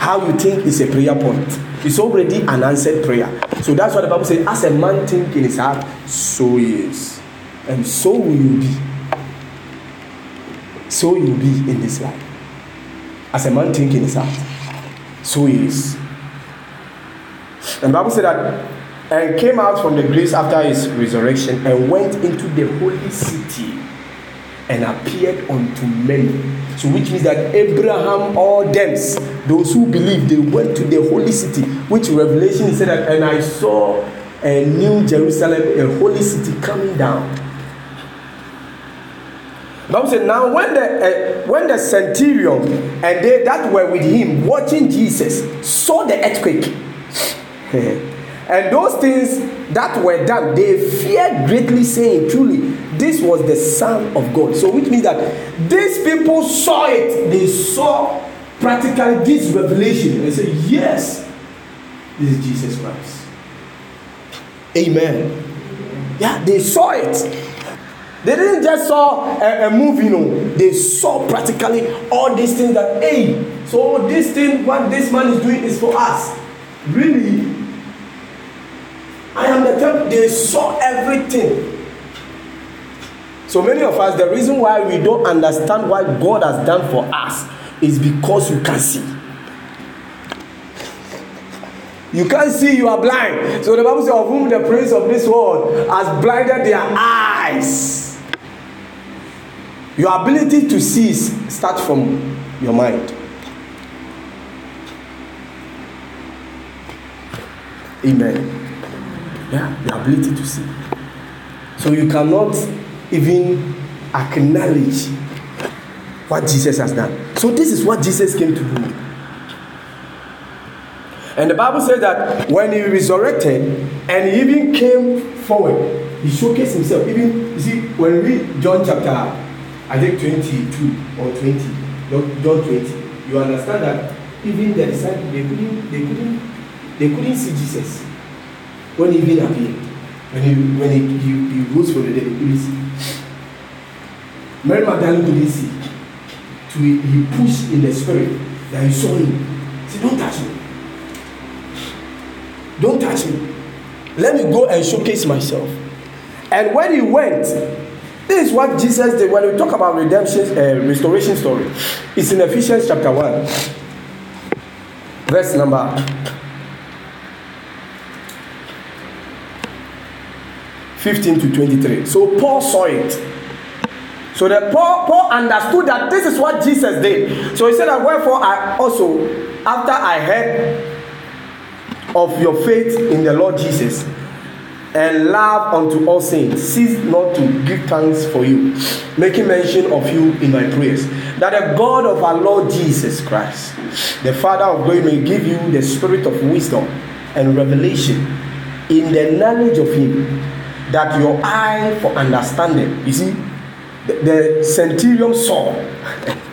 How you think is a prayer point. It's already an answered prayer. So that's what the Bible says, as a man thinking in his heart, so he is. And so will you be. So you will be in this life. As a man thinking is his so he is. And the Bible said that, and came out from the graves after his resurrection and went into the holy city and appeared unto many. So, which means that Abraham or them, those who believe, they went to the holy city, which Revelation said that, and I saw a new Jerusalem, a holy city coming down Bible said, now when the uh, when the centurion and they that were with him watching Jesus saw the earthquake, and those things that were done, they feared greatly, saying, "Truly, this was the Son of God." So, which means that these people saw it; they saw practically this revelation, they said, "Yes, this is Jesus Christ." Amen. Yeah, they saw it. They didn't just saw a, a movie, you know. They saw practically all these things that, hey, so this thing, what this man is doing is for us. Really? I am the temple. They saw everything. So many of us, the reason why we don't understand what God has done for us is because you can see. You can't see, you are blind. So the Bible says, Of whom the prince of this world has blinded their eyes. Your ability to see starts from your mind. Amen. Yeah, your ability to see. So you cannot even acknowledge what Jesus has done. So this is what Jesus came to do. And the Bible says that when he resurrected and he even came forward, he showcased himself. Even you see, when we read John chapter I think 22 or 20, not 20. You understand that even the disciples they couldn't they couldn't they couldn't see Jesus when he even appeared. When he when he, he, he rose for the dead, they couldn't see. Mary Magdalene couldn't see. To he pushed in the spirit that he saw him. Say, don't touch me. Don't touch me. Let me go and showcase myself. And when he went, This is what Jesus did when we talk about redemption, uh, restoration story. It's in Ephesians chapter 1, verse number fifteen to twenty-three. So Paul saw it. So that Paul, Paul understood that this is what Jesus did. So he said that wherefore I also, after I heard of your faith in the Lord Jesus and love unto all saints. Cease not to give thanks for you, making mention of you in my prayers. That the God of our Lord Jesus Christ, the Father of glory, may give you the spirit of wisdom and revelation in the knowledge of Him, that your eye for understanding, you see, the, the centurion saw.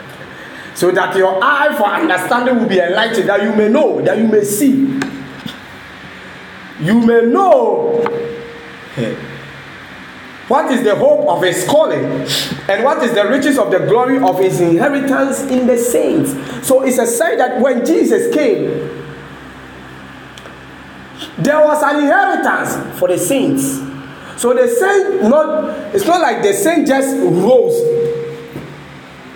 so that your eye for understanding will be enlightened, that you may know, that you may see. You may know what is the hope of his calling? And what is the riches of the glory of his inheritance in the saints? So it's a sign that when Jesus came, there was an inheritance for the saints. So the saint not it's not like the saint just rose.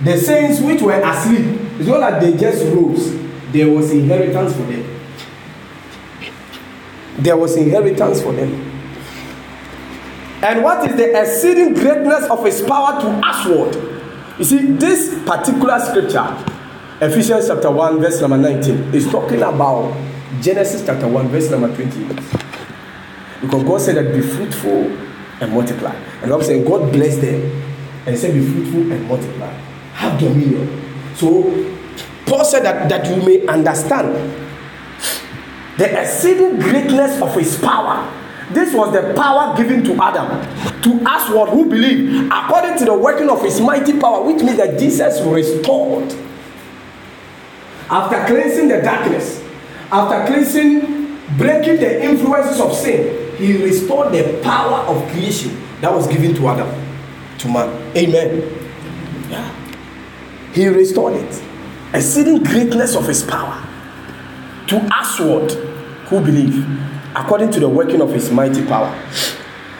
The saints which were asleep, it's not like they just rose. There was inheritance for them. There was inheritance for them. And what is the exceeding greatness of his power to usward? You see, this particular scripture, Ephesians chapter 1, verse number 19, is talking about Genesis chapter 1, verse number 28. Because God said that be fruitful and multiply. And I'm saying God blessed them and said, Be fruitful and multiply. Have dominion. So Paul said that, that you may understand the exceeding greatness of his power This was the power given to Adam to us what who believe according to the working of his mighty power, which means that Jesus restored. After cleansing the darkness, after cleansing, breaking the influences of sin, he restored the power of creation that was given to Adam, to man. Amen. Yeah. He restored it. Exceeding greatness of his power to us what who believe according to the working of his mighty power.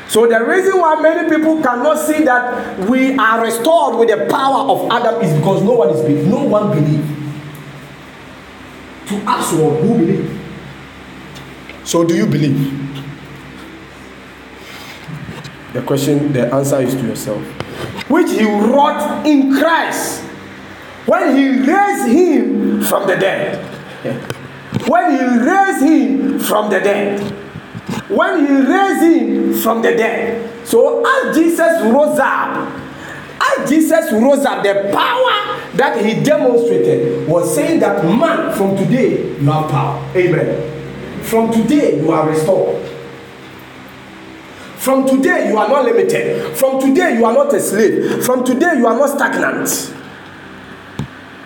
So the reason why many people cannot see that we are restored with the power of Adam is because no one is believed. No one believed. To ask one who believe. So do you believe? The question, the answer is to yourself. Which he wrought in Christ when he raised him from the dead. Yeah. When he raised him from the dead. When he raised him from the dead. So as Jesus rose up, as Jesus rose up, the power that he demonstrated was saying that man, from today you have power. Amen. From today you are restored. From today you are not limited. From today you are not a slave. From today you are not stagnant.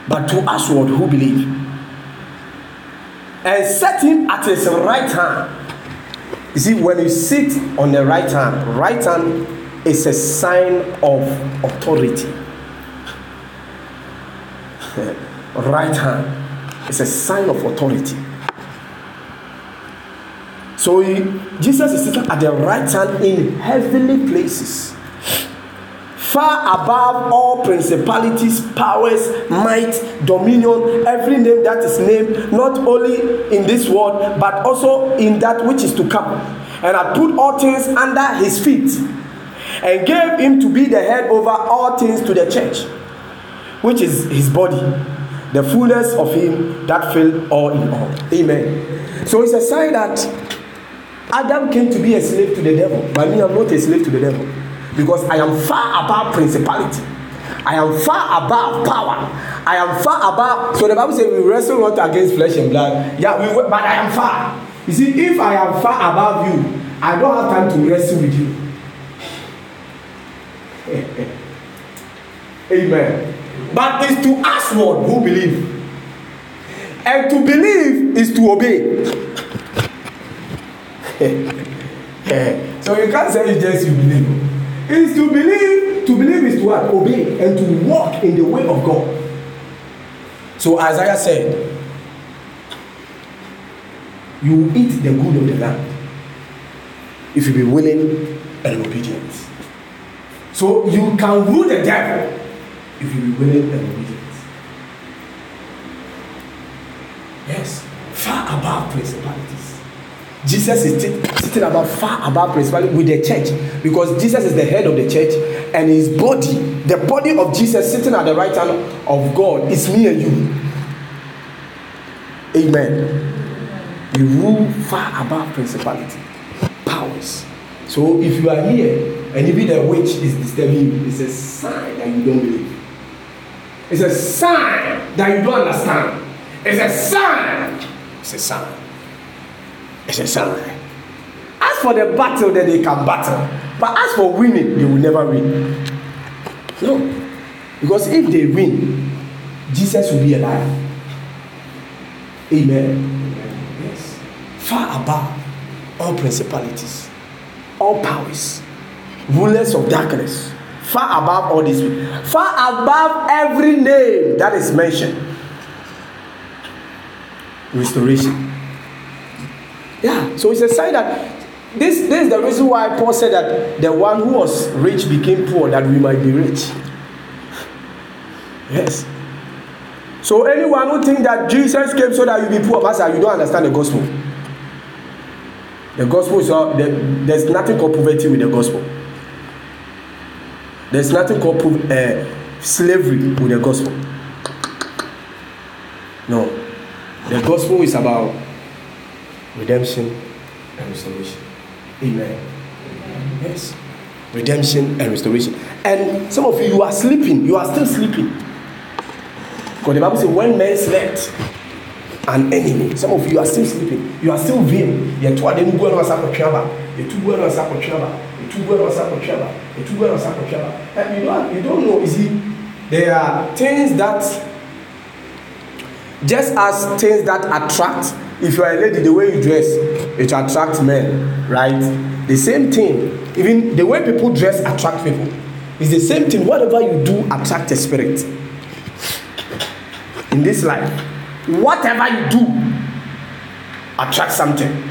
But to us, who believe? and set him at his right hand. You see, when you sit on the right hand, right hand is a sign of authority. right hand is a sign of authority. So he, Jesus is sitting at the right hand in heavenly places. far above all principalities, powers, might, dominion, every name that is named, not only in this world, but also in that which is to come. And I put all things under his feet and gave him to be the head over all things to the church, which is his body, the fullness of him that filled all in all. Amen. So it's a sign that Adam came to be a slave to the devil, but me, I'm not a slave to the devil. because I am far above principality. I am far above power. I am far above. So the Bible says we wrestle not against flesh and blood. Yeah, we but I am far. You see, if I am far above you, I don't have time to wrestle with you. Amen. But it's to us one who believe. And to believe is to obey. so you can't say it's just you believe is to believe. To believe is to what? Obey and to walk in the way of God. So Isaiah said, You will eat the good of the land if you be willing and obedient. So you can rule the devil if you be willing and obedient. Yes, far above principality Jesus is t- sitting about far above principality with the church because Jesus is the head of the church and his body, the body of Jesus sitting at the right hand of God, is me and you. Amen. We rule far above principality, powers. So if you are here and even the witch is disturbing you, it's a sign that you don't believe. It's a sign that you don't understand. It's a sign. It's a sign. is As for the battle, then they can battle. But as for winning, they will never win. No. Because if they win, Jesus will be alive. Amen. Yes. Far above all principalities, all powers, rulers of darkness, far above all these, far above every name that is mentioned. Restoration. Yeah, so it's a sign that this, this is the reason why Paul said that the one who was rich became poor, that we might be rich. Yes. So anyone who thinks that Jesus came so that you be poor, pastor, you don't understand the gospel. The gospel is all, the, there's nothing called poverty with the gospel. There's nothing called uh, slavery with the gospel. No, the gospel is about redemption and restoration. Amen. Amen. Yes. Redemption and restoration. And some of you, you are sleeping. You are still sleeping. Because the Bible says, when men slept, an enemy. Some of you are still sleeping. You are still vain. Yet what them going on Sakotrava? The two going on Sakotrava. The two going on Sakotrava. The two going on Sakotrava. And you don't, you don't know, you see, there are things that, just as things that attract if you are a lady the way you dress it attract men right the same thing even the way people dress attract people it's the same thing whatever you do attract a spirit in this life whatever you do attract something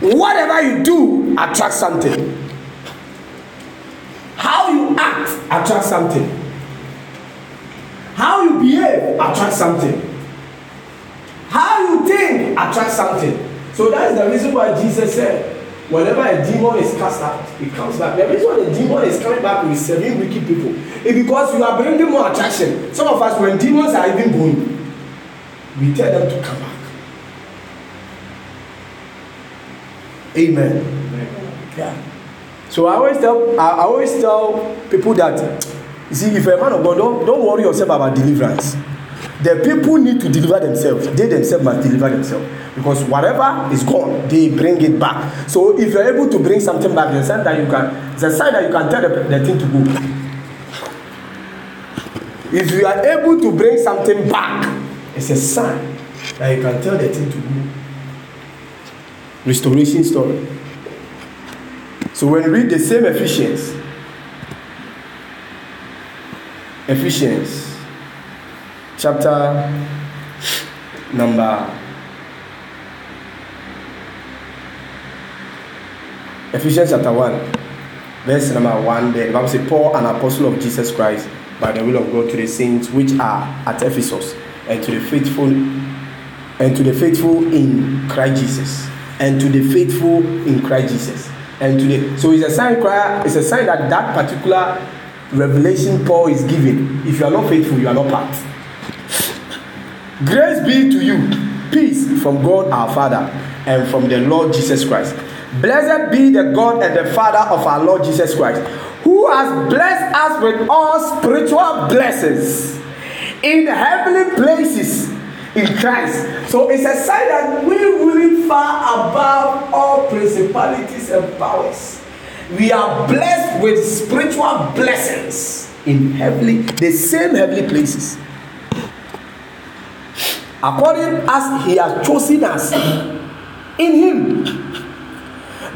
whatever you do attract something how you act attract something how you behave attract something How you think attract something. So that is the reason why Jesus said, whenever a demon is cast out, it comes back. The reason why a demon is coming back with seven wicked people is because you are bringing more attraction. Some of us, when demons are even going, we tell them to come back. Amen. Amen. Yeah. So I always tell I always tell people that you see if a man of God don't don't worry yourself about deliverance. the people need to deliver themselves they themselves must deliver themselves because whatever is gone they bring it back so if you're able to bring something back the sign that you can the sign that you can tell the, the thing to go if you are able to bring something back it's a sign that you can tell the thing to go restoration story so when we read the same ephesians ephesians chapter number Ephesians chapter 1, verse number 1, the Bible says, Paul, an apostle of Jesus Christ, by the will of God, to the saints which are at Ephesus, and to the faithful, and to the faithful in Christ Jesus, and to the faithful in Christ Jesus, and to the so it's a sign. It's a sign that that particular revelation Paul is giving. If you are not faithful, you are not part Grace be to you, peace from God our Father and from the Lord Jesus Christ. Blessed be the God and the Father of our Lord Jesus Christ, who has blessed us with all spiritual blessings in heavenly places in Christ. So it's a sign that we really far above all principalities and powers. We are blessed with spiritual blessings in heavenly, the same heavenly places according as he has chosen us in him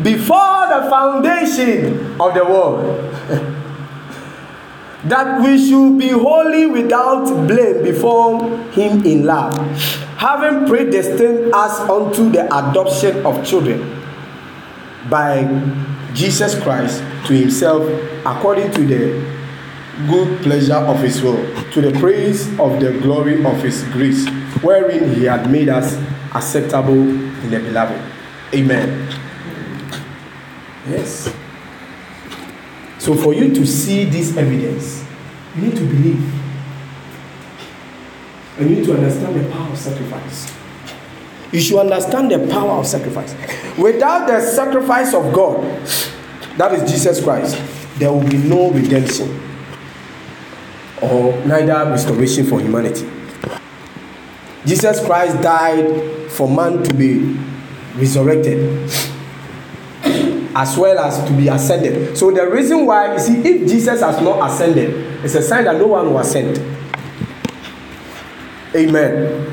before the foundation of the world that we should be holy without blame before him in love having predestined us unto the adoption of children by jesus christ to himself according to the good pleasure of his will, to the praise of the glory of his grace, wherein he had made us acceptable in the beloved. Amen. Yes. So, for you to see this evidence, you need to believe. And you need to understand the power of sacrifice. You should understand the power of sacrifice. Without the sacrifice of God, that is Jesus Christ, there will be no redemption or neither restoration for humanity. Jesus Christ died for man to be resurrected as well as to be ascended. So the reason why, you see, if Jesus has not ascended, it's a sign that no one will ascend. Amen.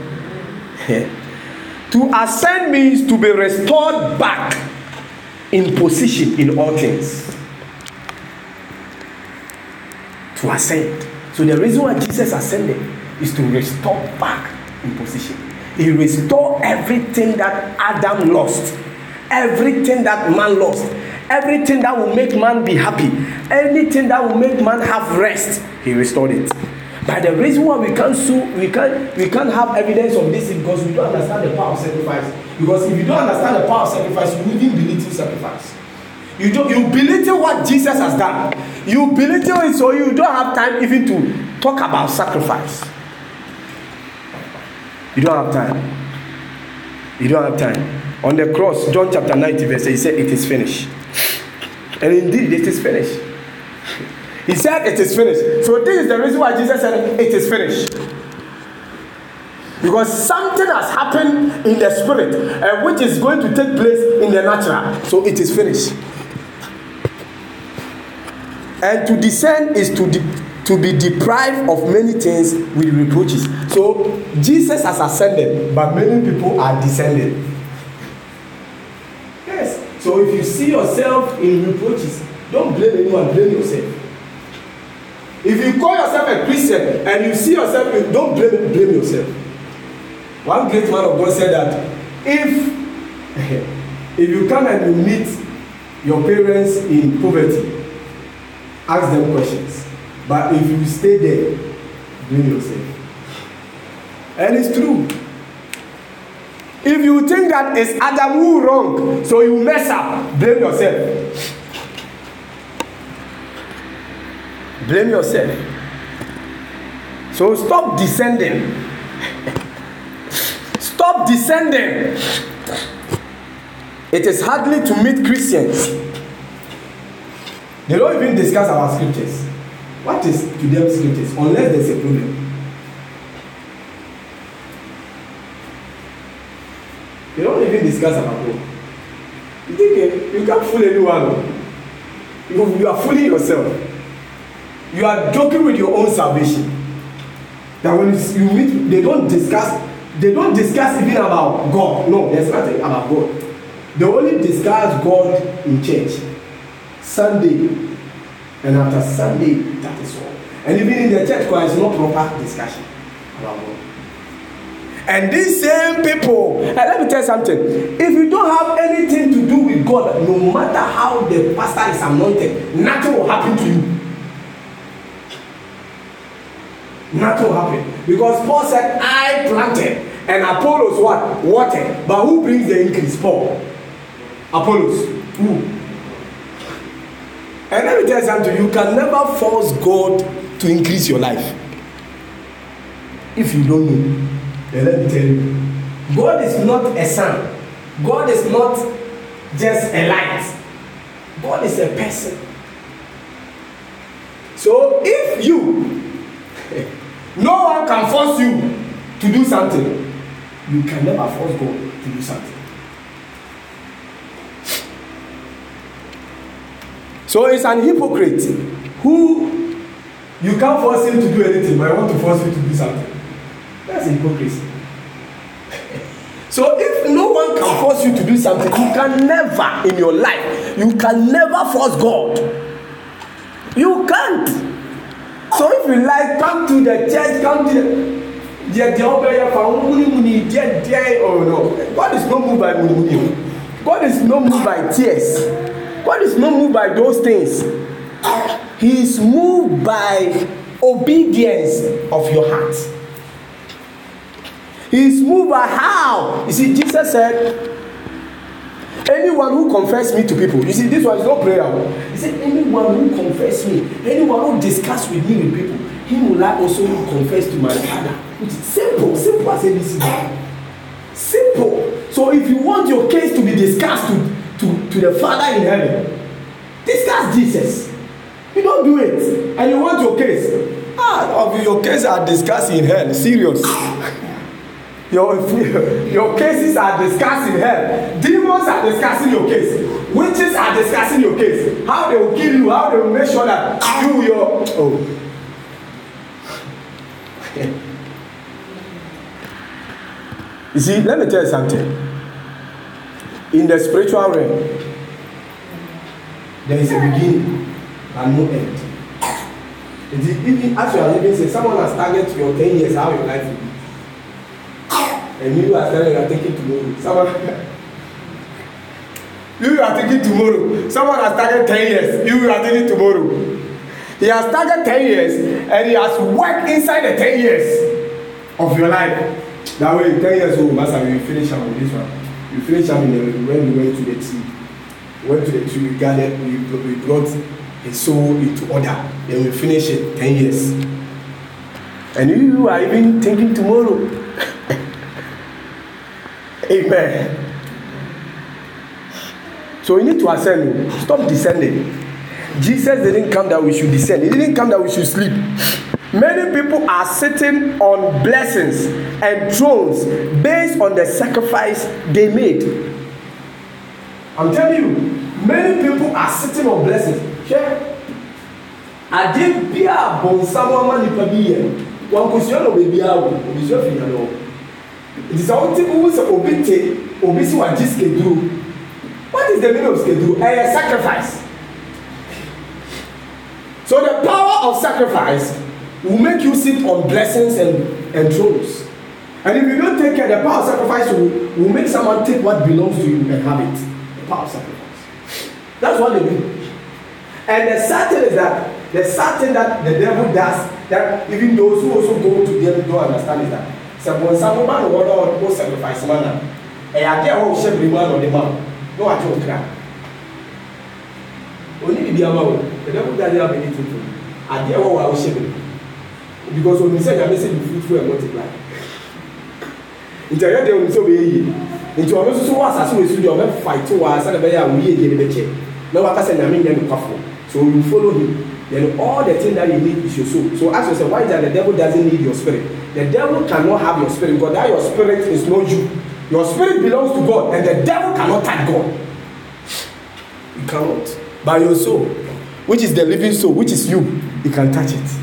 Yeah. to ascend means to be restored back in position in all things. To ascend. So the reason why Jesus ascended is to restore back in position. He restored everything that Adam lost, everything that man lost, everything that will make man be happy, anything that will make man have rest. He restored it. But the reason why we can't sue, we can't we can't have evidence of this is because we don't understand the power of sacrifice. Because if you don't understand the power of sacrifice, you wouldn't believe in sacrifice. You don't you belittle what Jesus has done. You belittle it so you don't have time even to talk about sacrifice. You don't have time. You don't have time. On the cross, John chapter 90, verse 8, he said, It is finished. And indeed, it is finished. He said, It is finished. So, this is the reason why Jesus said, It is finished. Because something has happened in the spirit, uh, which is going to take place in the natural. So, it is finished and to descend is to de- to be deprived of many things with reproaches so jesus has ascended but many people are descending yes so if you see yourself in reproaches don't blame anyone blame yourself if you call yourself a christian and you see yourself in don't blame blame yourself one great man of god said that if if you come and you meet your parents in poverty ask them questions but if you stay there blame yourself and it's true if you think that it's adam who wrong so you mess up blame yourself blame yourself so stop descending stop descending it is hardly to meet christians They don't even discuss our scriptures. What is to them scriptures? Unless there's a problem. They don't even discuss about God. You think eh, you can't fool anyone. Oh. You, you are fooling yourself. You are joking with your own salvation. That when you meet, they don't discuss, they don't discuss even about God. No, there's nothing about God. They only discuss God in church. Sunday. And after Sunday, that is all. And even in the church choir, it's not proper discussion about God. And these same people, and let me tell you something. If you don't have anything to do with God, no matter how the pastor is anointed, nothing will happen to you. Nothing will happen. Because Paul said, I planted, and Apollos what? Watered. But who brings the increase? Paul. Apollos. Who? And let me tell you something you can never force God to increase your life. If you don't know, then let me tell you God is not a sun, God is not just a light, God is a person. So if you, no one can force you to do something, you can never force God to do something. So it's an hypocrite who you can't force him to do anything, but I want to force you to do something. That's hypocrisy. so if no one can force you to do something, you can never in your life, you can never force God. You can't. So if you like, come to the church, come to the the deɛ deɛ ɔbɛyɛ fa munimuni deɛ deɛ oh no God is not moved by munimuni God is not moved by tears. God is not moved by those things. He is moved by obedience of your heart. He is moved by how. You see, Jesus said, anyone who confess me to people you see this one is no prayer o he say anyone who confess me anyone who discuss with me with people he will i also confess to my father it's simple simple as abc simple so if you want your case to be discussed to to, to the Father in heaven. Discuss Jesus. You don't do it. And you want your case. Ah, of your cases are discussed in hell. Serious. your, your cases are discussed in hell. Demons are discussing your case. Witches are discussing your case. How they will kill you, how they will make sure that you, your. Oh. you see, let me tell you something in the spiritual realm there is a beginning and no end it is even as you are living say someone has target your ten years how your life will be and you are telling you are taking tomorrow someone you are taking tomorrow someone has target ten years you are taking tomorrow he has target ten years and he has worked inside the ten years of your life that way ten years old masa we finish am with this one. We finished having them when we went to the tree. went to the tree, we gathered, we, we brought the soul into order. Then we finished it 10 years. And you are even thinking tomorrow. Amen. So we need to ascend. Oh. Stop descending. Jesus didn't come that we should descend. He didn't come that we should sleep. Many people are sitting on blessings and thrones based on the sacrifice they made. I'm telling you, many people are sitting on blessings. Yeah. Ade bia bonsam ama nipa bi yɛ wankosua na obebi awo obisua fi nyalo nti sɛ wote wowu sɛ obi te obi si wagye skeduro what is the meaning of skeduro ɛyɛ sacrifice so the power of sacrifice will make you sit on blessings and, and thrones. And if you don't take care, the power of sacrifice will, will make someone take what belongs to you and have it. The power of sacrifice. That's what they do. And the sad thing is that the sad thing that the devil does, that even those who also go to them don't understand is that. Sẹ̀kùn sábà máa ń wọ́n náà ó sacrifice máa nà. Ẹ̀yà dé àwọn òṣìṣẹ́ bìrì máa nà ọ̀dẹ́ máa ní wàá tó kíra. Onídìbí àmà o, the devil does not have anything to do. Àdé ẹ̀wọ̀ wà òṣìṣẹ́ bìrì because onim sɛ nyame sɛ you fruitful and multiply nti ɛyɛ deɛ onim sɛ ɔbɛyɛ yie nti ɔno nso so wɔ asase wɔ esu deɛ ɔbɛfa to wa sɛ na bɛyɛ a wɔyɛ yie ne bɛkyɛ na waka sɛ nyame nyɛ nokwafo so you follow him then all the thing that you need is your soul so ask yourself why is that the devil doesn't need your spirit the devil cannot have your spirit because that your spirit is not you your spirit belongs to God and the devil cannot touch God He cannot by your soul which is the living soul which is you he can touch it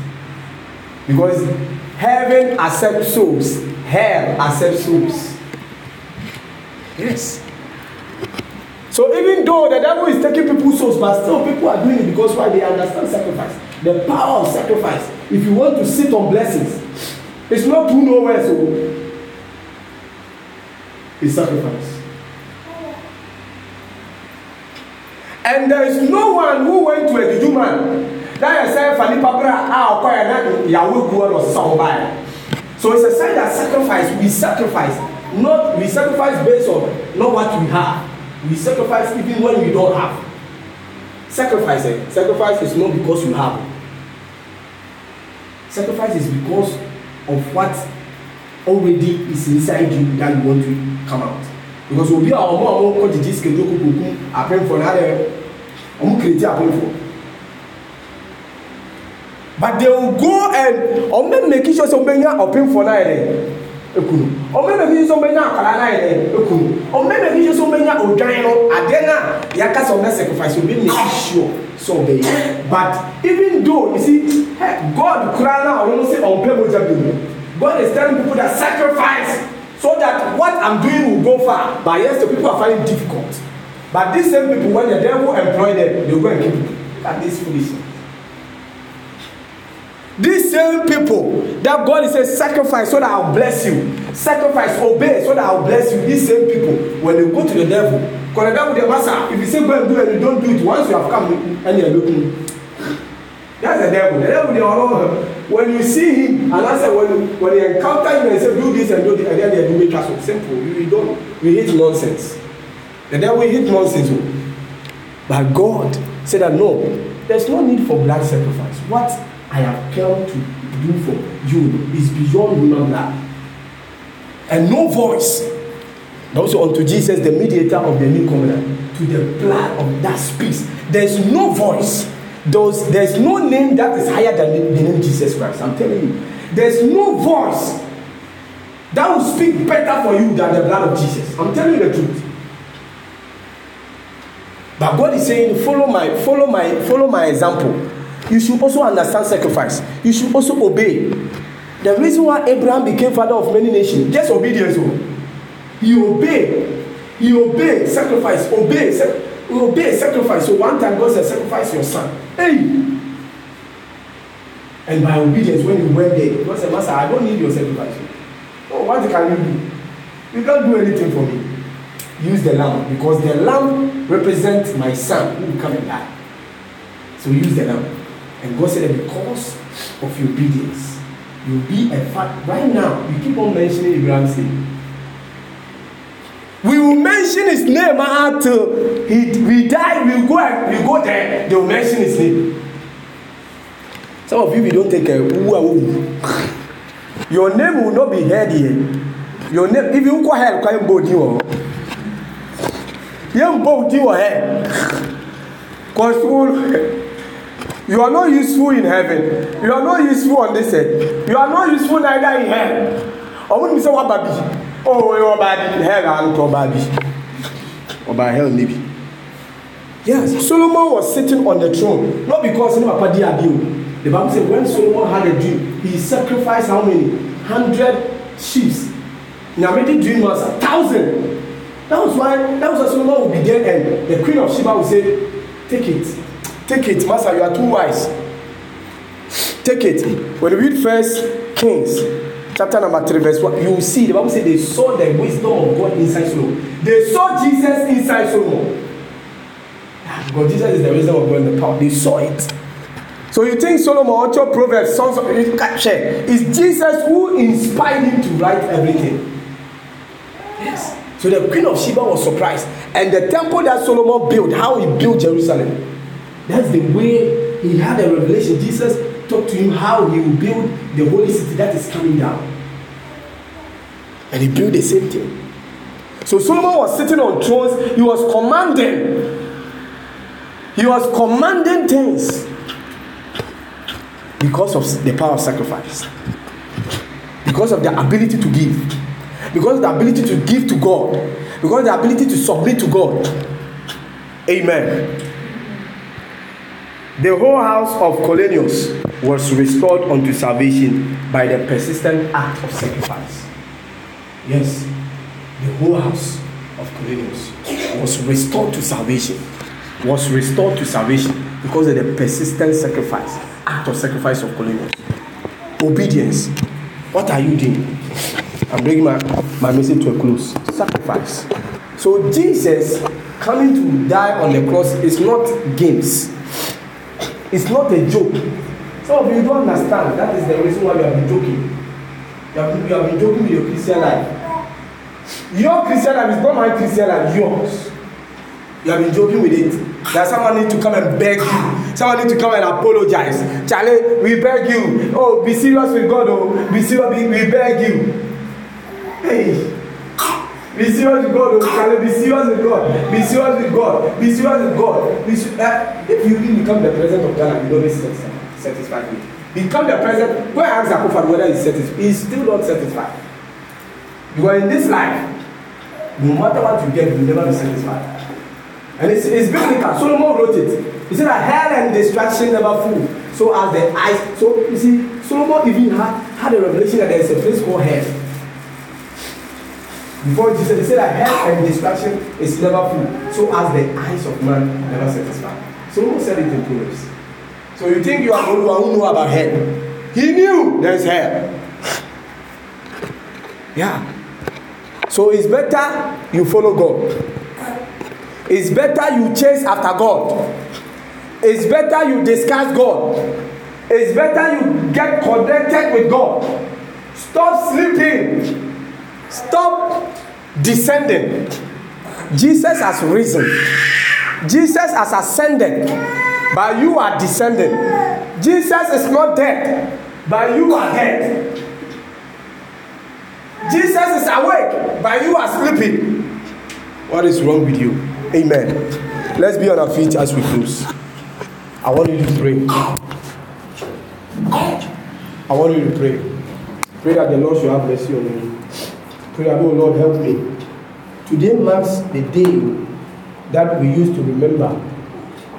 because heaven accepts souls hell accepts souls yes so even though the devil is taking people's souls but still people are doing it because why they understand sacrifice the power of sacrifice if you want to sit on blessings it's not through nowhere so it's sacrifice and there is no one who went to a juju man That yɛ sɛ fa nipa bere a ɔkɔyɛ na yàwó gu ɛna ɔsesa ho baa so it's a sign that sacrifice we sacrifice not we sacrifice based on not what we have we sacrifice even when we don't have sacrifice eh sacrifice is not because you have sacrifice is because of what already is inside you that you want to come out because obi a ɔmo a ɔmo kɔ didi skedule kukuku apɛnfo na adɛ ɔmo kiriti apɛnfo but they will go and ọmọ mẹki sọ sọ mbẹnya ọpẹnfọ náà yẹrẹ ekunu ọmọ mẹki sọ mbẹnya akwara náà yẹrẹ ekunu ọmọ mẹki sọ mbẹnya ọdwan no adeɛ na yaka sọ na sacrifice obi na sure sọ ọbẹ yẹ but even though you see god kura na ọmọ sẹ ọmpẹ moja bi mu god is telling people that sacrifice so that what i'm doing will go far but yes the people are finding difficult but these same people when the devil employ them they go and kill people look at this foolishness these same people that God is saying sacrifice so that I'll bless you sacrifice obey so that I'll bless you these same people when they go to the devil because the devil dey wasa if you say go and do it you don't do it once you have come and you are looking that's the devil the devil dey all when you see him and I say when when he encounter you and say do this and do this and then they do make us so simple you you don't you hate nonsense the devil hate nonsense o oh. but God say that no there is no need for blood sacrifice what I have come to do for you is beyond human life. And no voice. Also unto Jesus, the mediator of the new covenant, to the blood of that speaks. There's no voice. There's, there's no name that is higher than the name Jesus Christ. I'm telling you. There's no voice that will speak better for you than the blood of Jesus. I'm telling you the truth. But God is saying, follow my, follow my, follow my example you should also understand sacrifice you should also obey the reason why abraham became father of many nations just obedience o oh. he obey he obey sacrifice obey sac obey sacrifice so one time god said sacrifice your son hey and by obedience when you went there god said master i don't need your sacrifice oh what can you do you can't do anything for me use the lamb because the lamb represents my son who will come and die so use the lamb And God said, because of your obedience, you'll be a fat. Right now, you keep on mentioning Abraham's name. We will mention his name until he we die. We'll go we we'll go there. They'll mention his name. Some of you, you don't take a woo woo. Your name will not be heard here. Your name, if you go hell, can't bold you. You bold you here. Cause You are not useful in heaven. You are not useful on this earth. You are not useful neither in hell. Ọ̀hún mi sẹ́ oh, wọ́n bá bi. Ó ọba hell àǹtọ̀ ọba bi. Ọba hell níbi. Yes, Solomon was sitting on the throne not because ní papa di adi o. The Bible say when Solomon had a dream, he sacrificed how many? Hundred sheeps. Nyamidi dream was a thousand. That was why that was why Solomon would be there and the queen of Sheba would say, take it. Take it, Master, you are too wise. Take it. When we read first Kings chapter number three, verse one. you see the Bible says they saw the wisdom of God inside Solomon. They saw Jesus inside Solomon. Ah, but Jesus is the wisdom of God and the power. They saw it. So you think Solomon, Ocho, Proverbs, Sons of Share, is Jesus who inspired him to write everything? Yes. So the Queen of Sheba was surprised. And the temple that Solomon built, how he built Jerusalem That's the way he had a revelation. Jesus talked to him how he will build the holy city that is coming down. And he built the same thing. So Solomon was sitting on thrones, he was commanding. He was commanding things because of the power of sacrifice, because of the ability to give, because of the ability to give to God, because of the ability to submit to God. Amen. The whole house of Colenius was restored unto salvation by the persistent act of sacrifice. Yes, the whole house of Colenius was restored to salvation. Was restored to salvation because of the persistent sacrifice, act of sacrifice of Colenius. Obedience. What are you doing? I'm bringing my, my message to a close. Sacrifice. So Jesus coming to die on the cross is not games It's not a joke. Some of you don't understand. That is the reason why you have been joking. You have been, you have been joking with your Christian life. Your Christian life is not my Christian life, yours. You have been joking with it. That someone need to come and beg you. Someone need to come and apologize. Charlie, we beg you. Oh, be serious with God. Oh, be serious. We beg you. Hey. Be serious with God, O oh, Okale. Be serious with God. Be serious with God. Be serious with God. Be ser- uh, eh, if you really become the president of Ghana, you don't be satisfied with Become the president. Go and ask Akufo whether he's satisfied. He's still not satisfied. Because in this life, no matter what you get, you will never be satisfied. And it's, it's biblical. Solomon wrote it. He said that hell and destruction never fool. So as the eyes, so you see, Solomon even had, had a revelation that there is a place called hell before Jesus, he said that help and distraction is never full, so as the eyes of man never satisfied. who said it in Proverbs. So you think you are the only one who know about hell? He knew there's hell. Yeah. So it's better you follow God. It's better you chase after God. It's better you discuss God. It's better you get connected with God. Stop sleeping. Stop descending. Jesus has risen. Jesus has ascended, but you are descending. Jesus is not dead, but you are dead. Jesus is awake, but you are sleeping. What is wrong with you? Amen. Let's be on our feet as we close. I want you to pray. I want you to pray. Pray that the Lord should have mercy on you. prayer, oh Lord, help me. Today marks the day that we used to remember